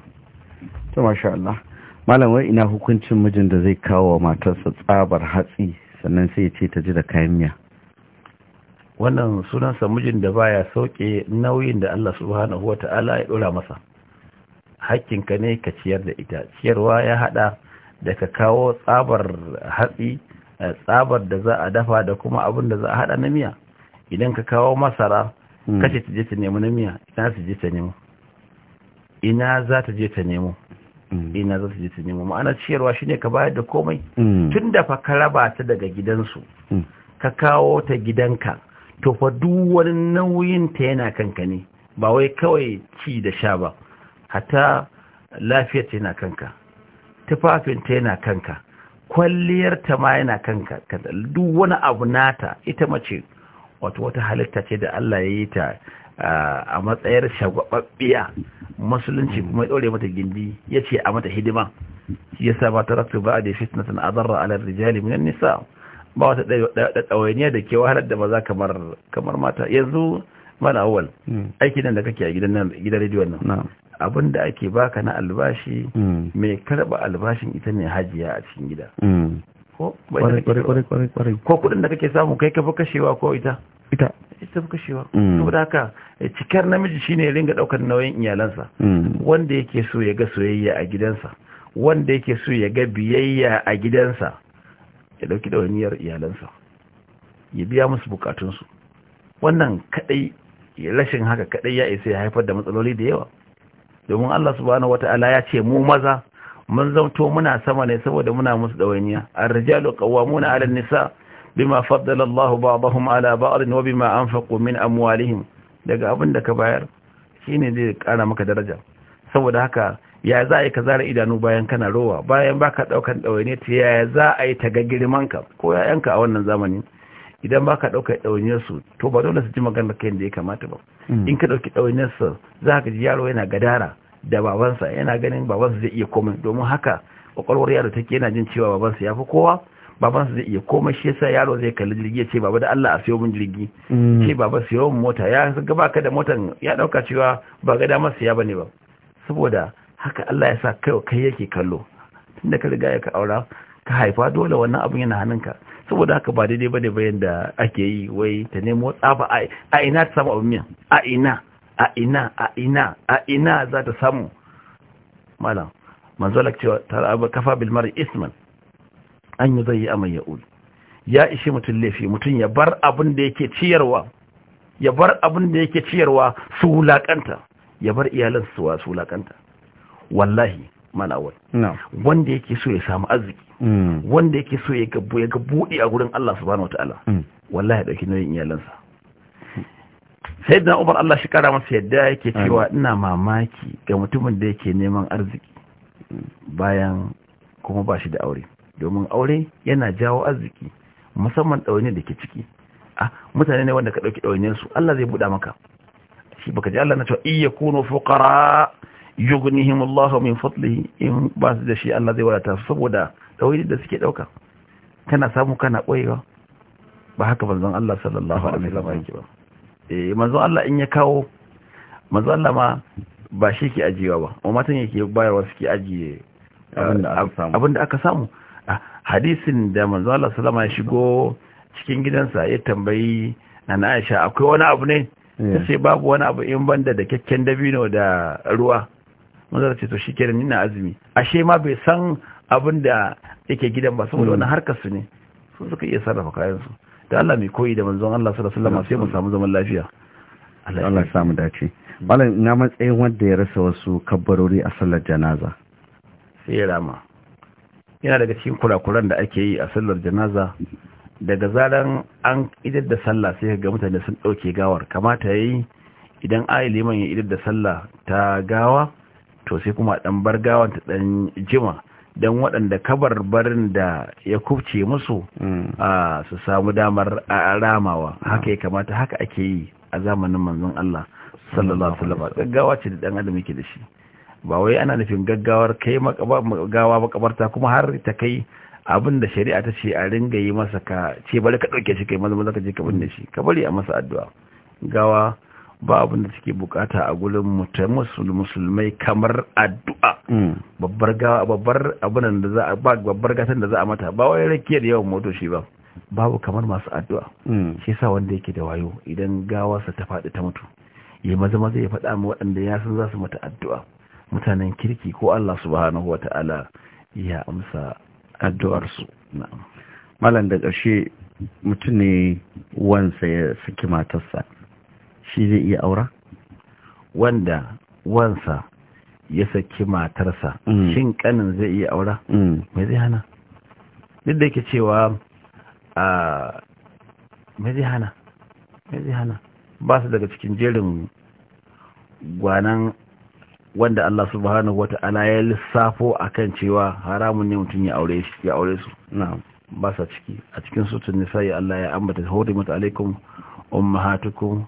to masha Allah malam wai ina hukuncin mijin da zai kawo wa matarsa tsabar hatsi sannan sai ya ce ta ji da kayan miya wannan sunansa mijin da baya sauke nauyin da Allah subhanahu ta'ala ya dora masa hakkinka ne ka ciyar da ita ciyarwa ya hada da ka kawo tsabar hatsi eh, tsabar da za a dafa da kuma abin da za a hada na miya idan ka kawo masara hmm. kace ta je ta nemi na miya ina za ta je ta nemo ina za ta je ta nemo hmm. ina za ta je ta nemo ma'ana ciyarwa shine ka bayar da komai hmm. tun da fa ka raba ta daga gidansu ka kawo ta gidanka to fa duk wani nauyin ta yana kanka ne ba wai kawai ci da sha ba hatta lafiyar ta yana kanka tufafin ta yana kanka kwalliyar ta ma yana kanka duk wani abu nata ita mace wato wata halitta ce da Allah ya yi ta a matsayar shagwababbiya musulunci kuma ya ɗaure mata gindi ya ce a mata hidima shi yasa ba ta rasu ba a da fitnatan adarra ala rijali minan nisa ba wata ɗawainiya da ke wahalar da maza kamar kamar mata yanzu mana awal hmm. aiki nan da kake a gidan gidan rediyon nan abin da ake baka na albashi hmm. mai karba albashin ita ne hajiya a cikin gida hmm. ko kudin da kake samu kai ka fi kashewa ko ita ita ita fi kashewa mm. saboda haka eh, cikar namiji shine ya ringa daukar nauyin iyalansa mm. wanda yake so ya ga soyayya a gidansa wanda yake so ya ga biyayya a gidansa ya dauki dawainiyar iyalansa ya biya musu bukatunsu wannan kadai rashin haka kadai ya isa ya haifar da matsaloli da yawa domin Allah subhanahu wataala ya ce mu maza mun zamto muna sama ne saboda muna musu dawainiya ar-rijalu qawwamuna 'ala an-nisa bima faddala Allahu ba'dahum 'ala ba'd wa bima anfaqu min amwalihim daga abin da ka bayar shine zai kara maka daraja saboda haka ya za a yi ka zara idanu bayan kana rowa bayan baka daukan dawaine ta ya za a yi ta ga girman ka ko yayanka a wannan zamani idan baka dauka dawainiyar su to ba dole su ji maganar kai da ya kamata ba mm. in ka ɗauki dawainiyar su za ka ji yaro yana gadara da babansa yana ganin babansa zai iya komai domin haka kwakwalwar yaro take yana jin cewa babansa ya fi kowa babansa zai iya komai shi yasa yaro zai kalli jirgi ya ce baba da Allah a siyo min jirgi mm. ce baba siyo min mota ya ga baka da motan ya dauka cewa ba ga damar siya bane ba saboda haka Allah ya sa kai kai yake kallo tunda ka riga ya ka aura ka haifa dole wannan abin yana hannunka saboda haka ba daidai bane ba da ake yi wai ta nemo tsafa a ina ta samu abin miya a ina a ina a ina a ina za ta samu malam manzolak cewa taraba kafa bilmar isman an yi zai yi amai ya'ul ya ishi mutum laifi mutum ya bar abin da yake ciyarwa ya bar abin da yake ciyarwa su wulaƙanta ya bar iyalan su wulaƙanta wallahi malawar wanda yake so ya samu arziki mm. wanda yake so ya ga buɗe a gurin Allah subhanahu wataala mm. wallahi dauki nauyin iyalansa sai da umar Allah shi kara masa yadda yake cewa ina mamaki ga mutumin da yake neman arziki bayan kuma ba shi da aure domin aure yana jawo arziki musamman ɗaune da ke ciki a ah, mutane ne wanda ka ɗauki ɗaunin su Allah zai buɗa maka shi baka ji Allah na cewa iya kuno fuqara yughnihim Allah min fadlihi in ba su da shi Allah zai wadata su saboda ɗaunin da suke ɗauka kana samu kana ɓoyewa ba haka banzan Allah sallallahu alaihi wasallam ba Eh, manzo Allah in ya kawo manzo Allah ma ba shi ke ajiyewa ba amma matan yake bayarwa suke ajiye eh, da aka samu hadisin da manzo Allah sallama ya shigo cikin gidansa ya tambayi na Aisha akwai wani abu ne sai eh. babu wani abu in banda da kyakken dabino da ruwa manzo ce to shikenan ni na azumi ashe ma bai san abin da yake gidan ba saboda hmm. wani harkar su ne su suka iya sarrafa kayan su da Allah mai koyi da manzon Allah sallallahu alaihi wasallam sai mu samu zaman lafiya Allah ya samu dace malam ina matsayin wanda ya rasa wasu kabbarori a sallar janaza sai ya rama yana daga cikin kurakuran da ake yi a sallar janaza daga zaran an idar da sallah sai ga mutane sun dauke gawar kamata yayi idan ayi liman ya idar da sallah ta gawa to sai kuma dan bar gawan ta dan jima don waɗanda kabar barin da ya kubce musu mm. su samu damar ramawa ah. haka ya kamata haka ake yi a zamanin manzon Allah sallallahu alaihi wasallam gaggawa ce da dan adam yake da shi ba wai ana nufin gaggawar kai gawa makabarta kuma har ta kai abin da shari'a ta ce a ringa yi masa ka ce bari ka ɗauke shi kai maza maza ka je ka binne shi ka bari a masa addu'a gawa ba abin da suke bukata a gurin musulmai kamar addu'a hmm. babbar da za gatan da za mata ba wai rakiyar yawan motoci ba babu kamar masu addu'a hmm. shi sa wanda yake da wayo idan gawa gawarsa ta faɗi ta mutu ya maza maza ya faɗa ma waɗanda ya san za su mata addu'a mutanen kirki ko Allah subhanahu ta'ala ya amsa addu'arsu na'am malam da ƙarshe mutum ne wansa ya saki matarsa shi zai iya aura wanda wansa ya saki matarsa mm. shin kanin zai iya aura mai mm. zai hana duk da ke cewa a mai zai hana mai zai hana ba su daga cikin jerin gwanan wanda Allah subhanahu wata'ala ya lissafo a kan cewa haramun ne mutum ya aure ya aure ba sa ciki a cikin sutun nisa ya Allah ya ambata mata alaikum ummahatukum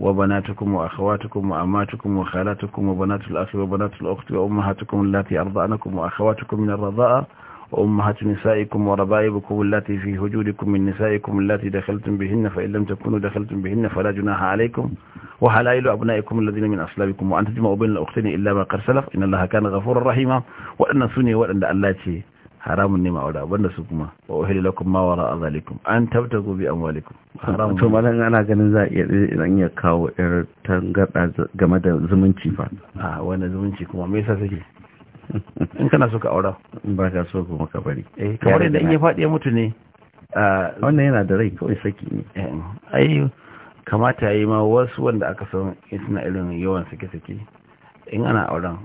وبناتكم وأخواتكم وأماتكم وخالاتكم وبنات الأخ وبنات الأخت وأمهاتكم التي أرضعنكم وأخواتكم من الرضاء وأمهات نسائكم وربائبكم التي في هجودكم من نسائكم التي دخلتم بهن فإن لم تكونوا دخلتم بهن فلا جناح عليكم وحلائل أبنائكم الذين من أصلابكم وأن تجمعوا بين الأختين إلا ما قد سلف إن الله كان غفورا رحيما وأن سني وأن اللاتي haramun ne ma'aura abinda su kuma wa ohili lakum ma wara azalikum an gobe an amwalikum haramun to malan ana ganin za iya idan ya kawo ir tangarda game da zumunci ba a wannan zumunci kuma me yasa take in kana so ka aura ba ka so kuma ka bari eh kamar idan in ya faɗi ya mutu ne wannan yana da rai kawai saki ne eh, ai kamata yi ma wasu wanda aka san suna irin yawan sake-sake in ana auren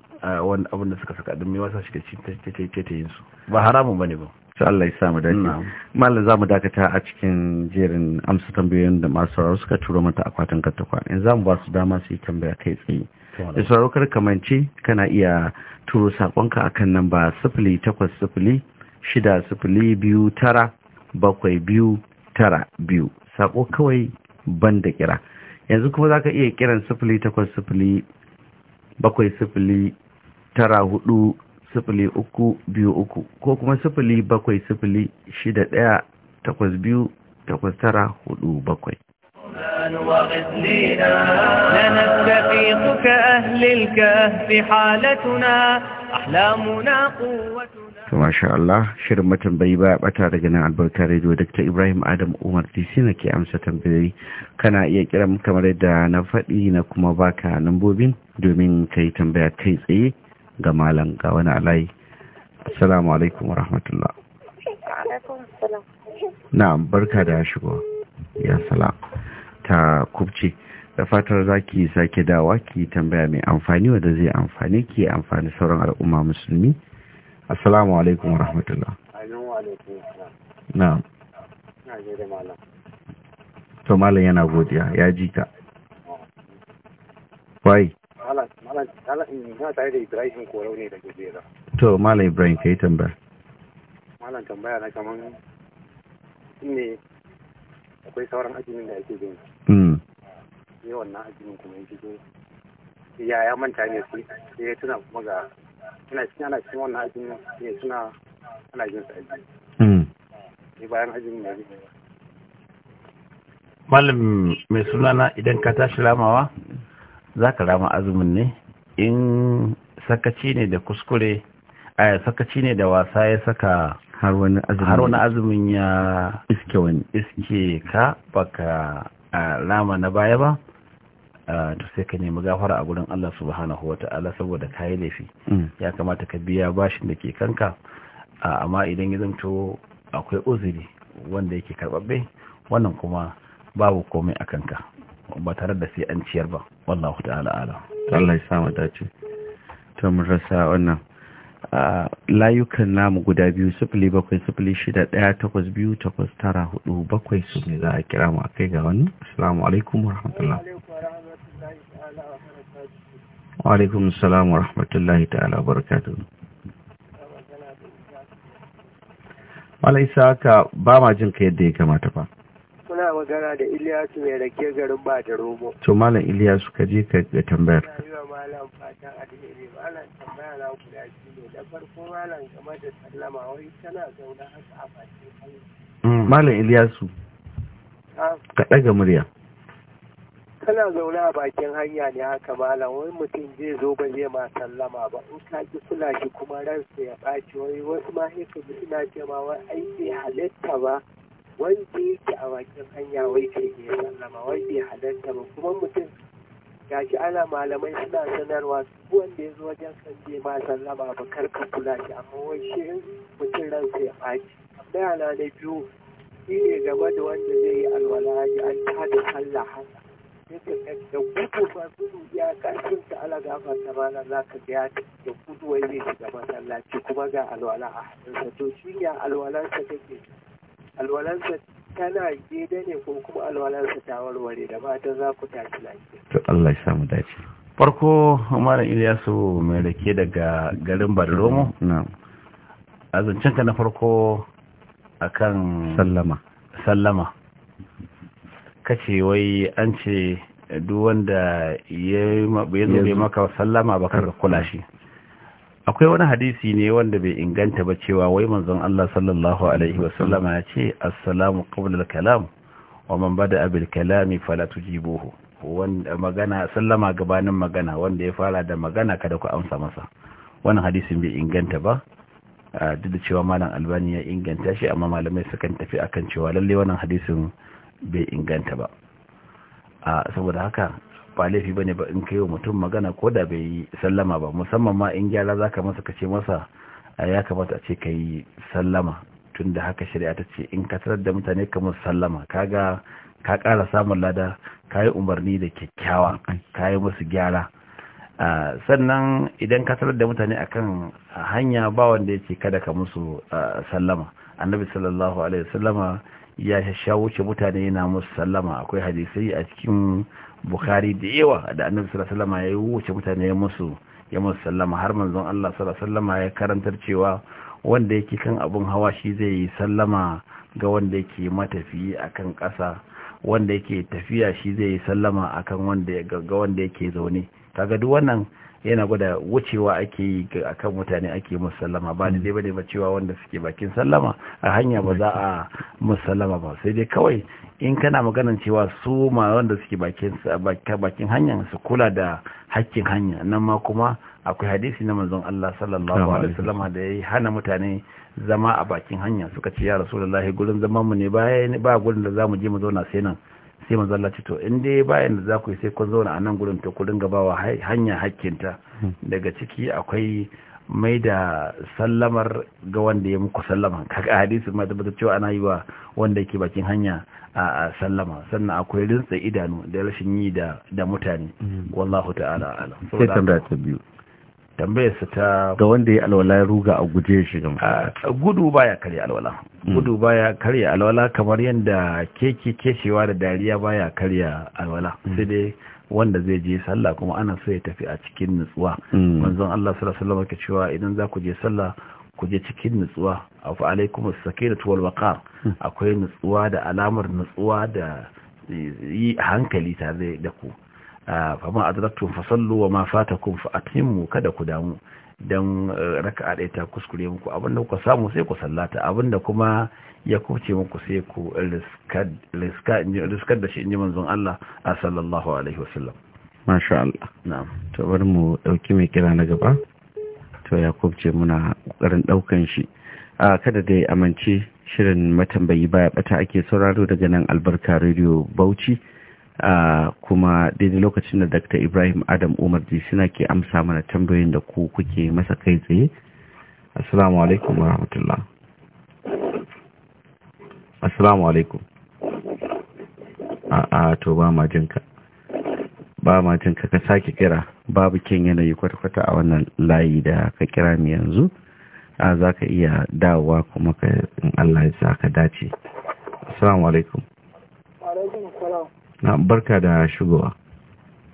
wani abin da suka saka don mai wasa shiga cikin ta yin su ba haramun ne ba to Allah ya sa mu dace mallan za mu dakata a cikin jerin amsa tambayoyin da masu sauraro suka turo mata akwatin kattakwa in za mu ba su dama su yi tambaya kai tsaye da sauraro kar kamance kana iya turo sakonka akan namba sifili takwas sifili shida sifili biyu tara bakwai biyu tara biyu sako kawai ban da kira yanzu kuma za ka iya kiran sifili takwas sifili bakwai sifili tara hudu sifili uku biyu uku ko kuma sifili bakwai sifili shida daya takwas biyu takwas tara hudu bakwai لنستفيق كأهل الكهف حالتنا أحلامنا قوتنا to masha Allah shirin matambayi bai ba bata daga nan albarka radio Dr. Ibrahim Adam Umar DC na ke amsa tambayoyi kana iya kiran kamar yadda na faɗi na kuma baka lambobin domin kai tambaya kai tsaye ga malam ga wani alayi assalamu alaikum wa rahmatullah na'am barka da shigo ya salam ta kubce da fatar za ki sake dawa ki tambaya mai amfani wadda zai amfani ki amfani sauran al'umma musulmi assalamu alaikum wa rahmatullah na'am to malam yana godiya ya ji ka wai to malam ibrahim ka yi tambaya malam tambaya na kaman ne akwai sauran ajinin da ake gani ne na ajinin kuma yake ya ya manta ne su ya tuna kuma ga suna cikin suna ana hmm. malam mai sunana idan ka tashi ramawa za ka rama azumin ne in sakaci ne da kuskure a eh, sakaci ne da wasa ya saka har wani azumin ya iske wani iske ka baka eh, rama na baya ba Ah, to sai ka nemi gafara a gurin Allah subhanahu ta'ala saboda ka yi laifi mm. ya kamata ka biya bashin da ke kanka ah, amma idan ya zanto akwai uzuri wanda yake karbabbe wannan kuma babu komai a kanka ba tare da sai an ciyar ba wallahu ta'ala ala Allah ya sa mu dace to mun rasa wannan ah, layukan namu guda biyu sifili bakwai sifili shida ɗaya takwas biyu takwas tara hudu bakwai su ne za a kira mu a kai ga wani assalamu alaikum rahmatullah wa alaikum salam wa rahmatullahi ta'ala barakatuh wala isa haka ba ma jin ka yadda ya kamata ba muna magana da iliyasu mai rake garin ba da romo to malam iliyasu ka je ka ga tambayar ka malam fatan alheri malam tambaya na shi ne da farko malam game da sallama wai tana zaune haka a bakin mm, malam iliyasu ah. ka ɗaga murya kana zaune a bakin hanya ne haka malam wani mutum zai zo ba zai ma sallama ba in ka ji kula shi kuma ransa ya ɓaci wai wasu ma sai ka ji suna ce ma wai ai bai halitta ba wanda yake a bakin hanya wai ke ke sallama wai bai halitta ba kuma mutum gashi ana malamai suna sanarwa wanda ya zo wajen kan je ma sallama ba kar ka kula shi amma wai shi mutum ransa ya ɓaci Bayana na biyu shi ne game da wanda zai yi alwala ya ta da sallah haka da gudu ba gudu ya karfin ta ala gafa ta mana za ka ga da gudu wai zai shiga masallaci kuma ga alwala a hannunsa to shi ya alwalansa take alwalansa tana gida ne ko kuma alwalansa ta warware da mata za ku tashi lafiya. to Allah ya samu dace. farko malam Ilyasu mai rake daga garin Barromo na azancinka na farko akan sallama sallama kace wai an ce duk wanda ya zobe maka sallama ba ka kula shi akwai wani hadisi ne wanda bai inganta ba cewa wai manzon Allah sallallahu alaihi wasallama ya ce assalamu qabla al-kalam wa man bada bil kalami fala tujibuhu wanda magana sallama gabanin magana wanda ya fara da magana kada ku amsa masa wannan hadisin bai inganta ba duk da cewa malam albani ya inganta shi amma malamai sukan tafi akan cewa lalle wannan hadisin bai inganta ba a saboda haka ba laifi bane ba in kai wa mutum magana ko da bai yi sallama ba musamman ma in gyara zaka masa ka ce masa ya kamata a ce ka yi sallama tun da haka shari'a ta ce in ka tarar da mutane ka musu sallama ka kaga ka ƙara samun lada ka yi umarni da kyakkyawa ka yi musu gyara sannan idan ka tarar da mutane akan hanya ba wanda ya ce kada ka musu sallama annabi sallallahu alaihi wasallama ya sha wuce mutane yana musu sallama akwai hadisai a cikin bukhari da yawa da annabi sallallahu alaihi ya wuce mutane ya musu ya musu sallama har manzon Allah sallallahu ya karantar cewa wanda yake kan abun hawa shi zai yi sallama ga wanda yake matafiyi akan ƙasa wanda yake tafiya shi zai yi sallama akan wanda ga wanda yake zaune kaga duk wannan yana gwada wucewa ake yi a kan mutane ake musallama ba hmm. da bane ba cewa wanda suke bakin sallama a hanya ba za a musallama ba sai dai kawai in kana maganan cewa su ma wanda suke bakin hanya su kula da hakkin hanya nan ma kuma akwai hadisi na manzon Allah sallallahu alaihi wasallam da ya hana mutane zama a bakin hanya suka ce ya rasulullahi gurin zaman mu ne ba gurin da zamu je mu zauna sai nan sai manzo Allah ce to in dai bayan da za ku yi sai kun zauna a nan gurin to ku dinga bawa hanya hakkinta hmm. daga ciki akwai mai da sallamar ga wanda ya muku sallama kaga hadisi ma tabbata cewa ana yi wa wanda yake bakin hanya a sallama sannan akwai rintsa idanu da rashin yi da mutane hmm. wallahu ta'ala alam sai tambaya ta biyu tambayarsa ta ga wanda ya alwala ruga a guje shi ga gudu baya karya alwala hmm. gudu baya karya alwala kamar yadda keke keshewa da dariya baya karya alwala hmm. sai dai wanda zai je sallah kuma ana so ya tafi a cikin nutsuwa hmm. manzon Allah sallallahu alaihi wasallam cewa idan za ku je sallah ku je cikin nutsuwa afu alaikum as da wal waqar akwai nutsuwa da alamar nutsuwa da yi hankali tare da ku Ah, fama adraktun fasallu wa ma fatakum fa atimmu kada ku damu dan eh, raka'a ɗaya ta kuskure muku abinda kuka samu sai ku sallata abinda kuma ya kuce muku sai ku riskar da shi inji manzon Allah a sallallahu alaihi wasallam masha Allah na'am to bari mu dauki mai kira na gaba to ya kuce muna kokarin daukan shi a ah, kada dai amince shirin matambayi baya bata ake sauraro daga nan albarka radio Bauchi kuma daidai lokacin da dr ibrahim adam umar ji suna ke amsa mana tambayoyin da ku kuke masa kai tsaye assalamu alaikum wa rahmatullah assalamu alaikum a'a to ba ma jinka ba ma jinka ka sake kira babu kyan yanayi kwata-kwata a wannan layi da ka kira mu yanzu a za ka iya dawowa kuma ka in Allah ya sa ka dace assalamu alaikum na barka da shigowa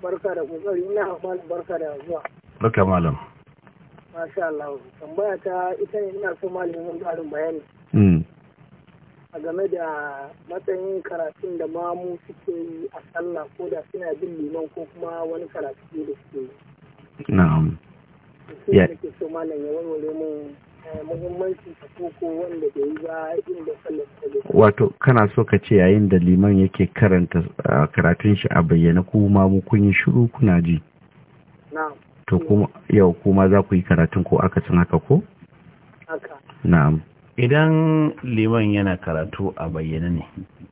barka da kokari ina malam barka da zuwa barka malam masha Allah tambaya ta ita ne ina so malamin mun karin bayani mm. a game da matsayin karatun da mamu suke yi a sallah ko da suna bin liman ko kuma wani karatu da suke yi na'am ya ke so malam ya warware mun wato kana so ka ce yayin da liman yake karanta karatun shi a bayyana kuma mu kun yi shiru kuna ji to kuma yau kuma za ku yi karatun ko aka san haka ko na'am idan liman yana karatu a bayyana ne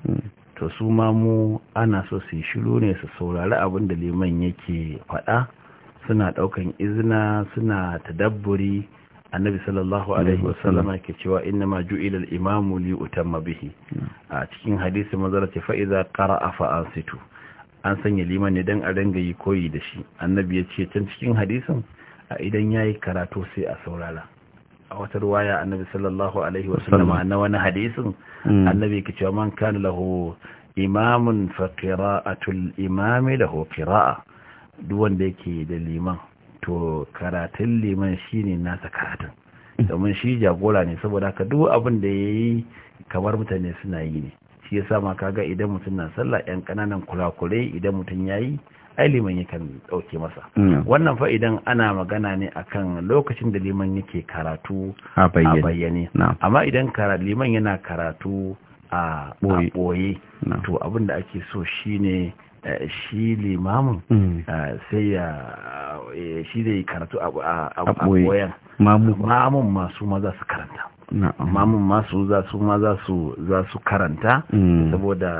hmm. to su ma mu ana so su yi shiru ne su saurari abin da liman yake faɗa suna ɗaukan izina suna tadabburi annabi sallallahu alaihi wasallam yake cewa ma ju'ila al imam li utamma bihi hmm. a cikin hadisi manzara ce fa idza qara'a fa ansitu an sanya liman ne dan a danga yi koyi da shi annabi ya ce can cikin hadisin a idan yayi karatu sai a saurara a wata ruwaya annabi sallallahu alaihi wasallam na wani hadisin hmm. annabi yake cewa man kana lahu imamun fa qira'atul imami lahu qira'a duk wanda yake da liman to karatun liman shine nasa karatun domin shi jagora ne saboda haka duk abin da ya yi kamar mutane suna yi ne shi yasa ma kaga idan mutum na sallah yan kananan kurakurai idan mutum ya yi ai liman yakan ɗauke masa mm. wannan fa idan ana magana ne akan lokacin da liman yake karatu a bayyane amma idan liman yana karatu a ɓoye to abin da ake so shine Eh, shi limamin hmm. eh, sai ya eh, shi zai karatu a ɓoyen mamun masu maza su karanta mamun masu za su maza su za su karanta hmm. saboda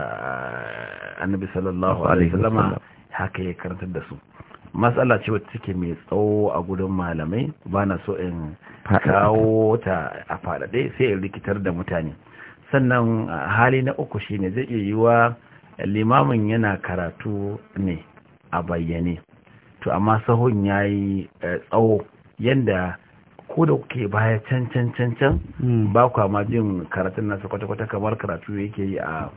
annabi sallallahu alaihi wasallama haka ya karantar da su matsala ce wata take mai tsawo a gudun malamai ba na so in kawo ta a faɗaɗe sai in rikitar da mutane sannan hali na uku shine zai iya yiwa limamin yana karatu ne a bayyane to amma sahun ya yi eh, tsawo yadda ko da kuke baya can can can can hmm. ba ma jin karatun nasa kwata-kwata kamar karatu yake yi a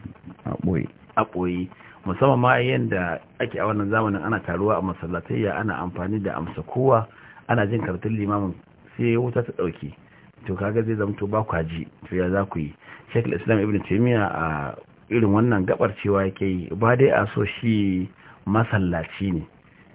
ɓoye musamman ma yadda ake a wannan zamanin ana taruwa a masallatayya ana amfani da amsa kowa ana jin karatun limamin sai wuta ta ɗauki to kaga zai zamto ba kwa ji to ya za ku yi shekul islam ibn taimiyya a irin wannan gabar cewa yake yi ba dai a so shi masallaci ne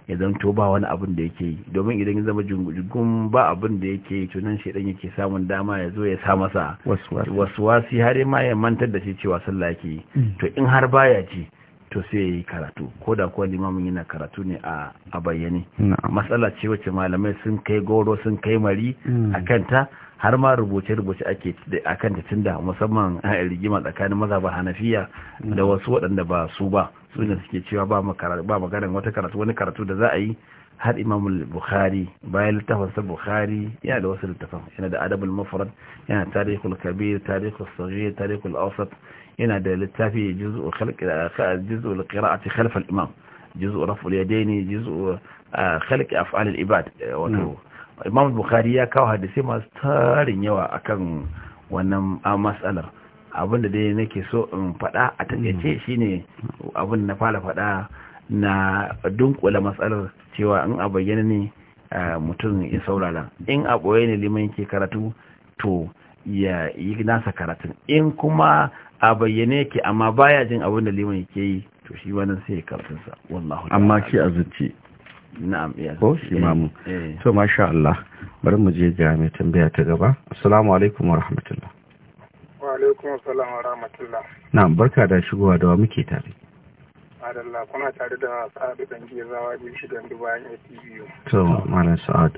ya zanto ba wani abin da yake yi domin idan ya zama jungun ba abin da yake yi tunan dan yake samun dama ya zo ya sa masa waswasi har ma ya mantar da shi cewa sallah yake yi mm. to in har baya ji to sai ya yi karatu ko da kuwa limamin yana karatu ne a bayyane matsala ce wacce malamai sun kai goro sun kai mari mm. a kanta har ma rubuce-rubuce ake a kan ta tunda musamman a rigima tsakanin mazhabar hanafiya da mm. wasu waɗanda ba su ba su ne suke cewa ba maganin wata karatu wani karatu da za a yi har imam bukhari bayan littafinsa bukhari yana da wasu littafan yana da adabul mufrad yana tarihul kabir tarihul sahih tarihul awsat yana da littafi juz'u khalq juz'u qira'ati khalf al-imam juz'u al yadaini juz'u ah, khalq af'al al-ibad eh, wato mm. imam bukhari ya kawo hadisai masu tarin yawa akan wannan matsalar abin da dai nake so in faɗa a takaice mm. shine abin na fara faɗa na dunkula matsalar cewa in a bayyana ne mutum ya saurara in a ɓoye ne liman ke karatu to ya yi nasa karatun in kuma a bayyane ke amma baya jin abin da liman ke yi to shi wannan sai ya karatunsa wallahu amma ki a na'am iya ko imamu eh. to masha Allah bari mu je ga mai tambaya ta gaba assalamu alaikum wa rahmatullah wa alaikum assalam wa rahmatullah na'am barka da shigowa da wa muke tare Adalla kuna tare da Sa'adu dan Gizawa bin shigan Dubai ATV to malam Sa'ad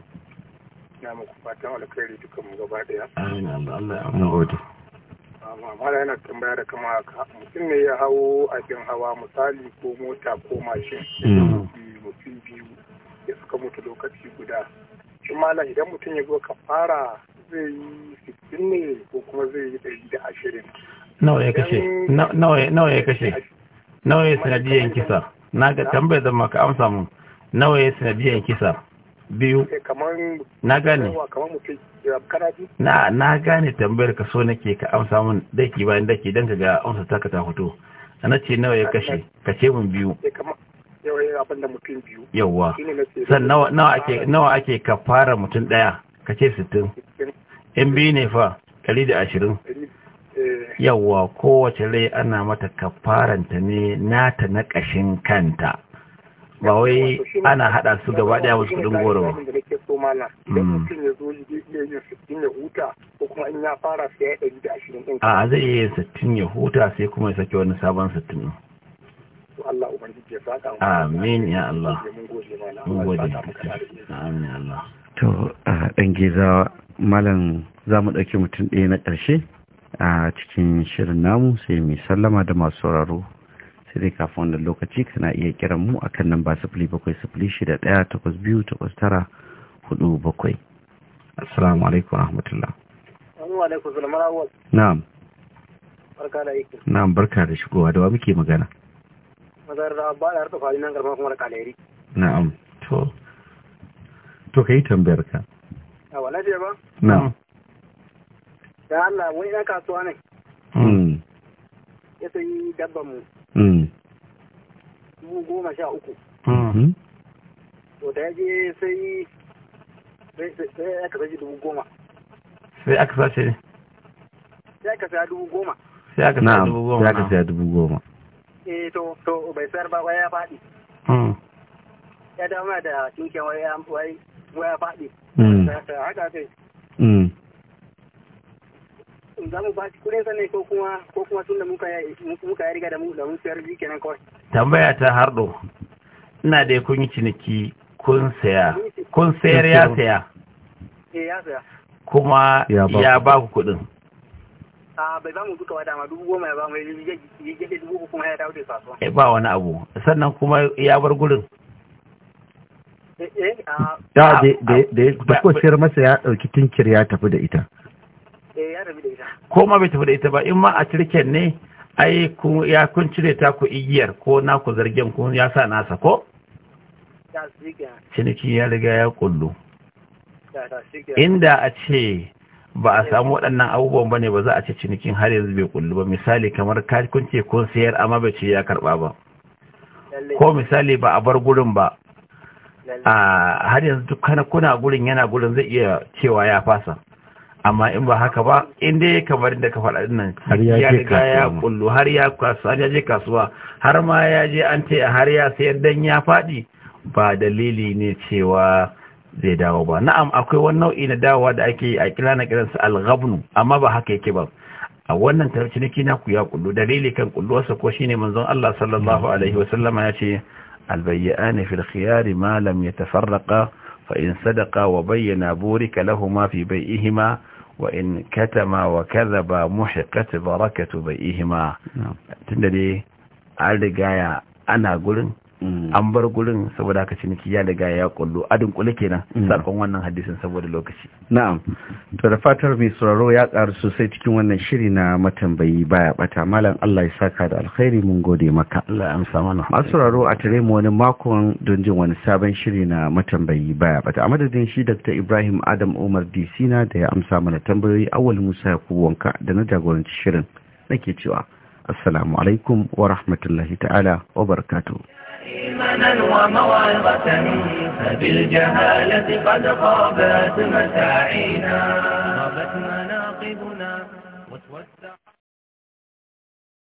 na muku wala alkhairi dukan mu gaba ya amin Allah ya mu gode amma yana tambaya da kama haka mutum ne ya hawo abin hawa misali ko mota ko mashin mm. mutum biyu ya suka mutu lokaci guda shi malam idan mutum ya zo ka fara zai yi sittin ne ko kuma zai yi ɗari da ashirin nawa ya kashe nawa ya kashe nawa ya sanadiyan kisa na ga tambayar zan maka amsa mun nawa ya sanadiyan kisa biyu eh, na gane na na gane tambayar ka so nake ka amsa mun daki bayan daki dan ka ga amsa ta ka ta fito ana ce nawa ya kashe ka ce mun biyu eh, abin da mutum biyu yawwa san nawa ake nawa ake kafara mutum daya kace 60 in biyu ne fa da ashirin. Eh. yawwa kowace rai ana mata kafaranta ne nata na kashin kanta ba wai ana hada su gaba daya wasu kudin goro ba a hmm. zai iya yin 60 ya huta sai kuma ya sake wani sabon 60 Allah ubangiji ya saka amin ya Allah mun gode amin ya Allah to dan gizawa malam za mu ɗauki mutum ɗaya na ƙarshe a cikin shirin namu sai mai sallama da masu sauraro sai dai kafin wannan lokaci kana iya kiran mu akan nan ba sifili bakwai sifili shida ɗaya takwas biyu takwas tara hudu bakwai assalamu alaikum rahmatullah na'am barka da shigowa da wa muke magana mazar da ba da nan kuma da na'am to to kai tambayar ka a wala ba na'am da Allah wani dan kasuwa ne hmm. ya sayi dabban mu hmm. mu goma sha uku hmm. to da je sai sai aka sashi dubu goma sai aka sashi sai aka sa dubu goma sai aka sa dubu goma eh to to bai sayar ba wai ya faɗi hmm. ya dama da tuken wai ya wai ya faɗi hmm. haka sai hmm. za mu ba shi kuɗin sa ne ko kuma ko kuma tunda muka muka ya riga da mu da mun sayar jiki nan kawai tambaya ta hardo ina da kun yi ciniki kun saya kun sayar ya saya eh ya saya kuma ya ba ku kuɗin bai ba mu duka ba dubu goma ya ba dubu uku kuma ya dawo da kasuwa eh, ba wani abu sannan kuma ya bar gurin eh, eh, da da ko sayar masa ya dauki tinkir ya tafi da ita eh ya tafi da ita ko ma bai tafi da ita ba in ma a tirken ne ai ku ya kun cire ta ku igiyar ko na ku zargen ku ya sa nasa ko ciniki ya riga ya kullu inda a ce ba a samu waɗannan abubuwan ba ne ba za a ce cinikin har yanzu bai kullu ba misali kamar kun ce kun sayar amma bai ce ya karɓa ba ko misali ba a bar gurin ba a har yanzu dukkan kuna gurin yana gurin zai iya cewa ya fasa amma in ba haka ba in dai kamar da ka faɗa nan ya riga ya kullu har ya kasuwa ya je kasuwa har ma ya je an ce har ya sayar dan ya faɗi ba dalili ne cewa zai dawo ba na'am akwai wani nau'i na dawowa da ake yi a kira na kiransa al amma ba haka yake ba a wannan tarciniki na ku ya kullu dalili kan kulluwarsa ko shine manzon Allah sallallahu alaihi wa sallama ya ce al-bayyan fi al-khiyar ma lam yatafarraqa fa in sadaqa wa bayyana burika lahumma fi bai'ihima wa in katama wa kadhaba muhiqat barakatu bai'ihima tunda dai an rigaya ana gurin Mm. an bar gurin saboda haka ciniki ya daga ya kullu adin kula kenan mm. sakon wannan hadisin saboda lokaci na'am to da fatar mai sauraro ya karu sosai cikin wannan shiri na matambayi baya bata malam Allah ya saka da alkhairi mun gode maka Allah ya amsa mana masu sauraro a tare mu wani makon don jin wani sabon shiri na matambayi baya bata a madadin shi Dr. Ibrahim Adam Umar DC na da ya amsa mana tambayoyi awal Musa Yakubu wanka da na jagoranci shirin nake cewa assalamu alaikum wa rahmatullahi ta'ala wa barakatuh إيمانا وموعظة فبالجهالة قد خابت مساعينا خابت مناقبنا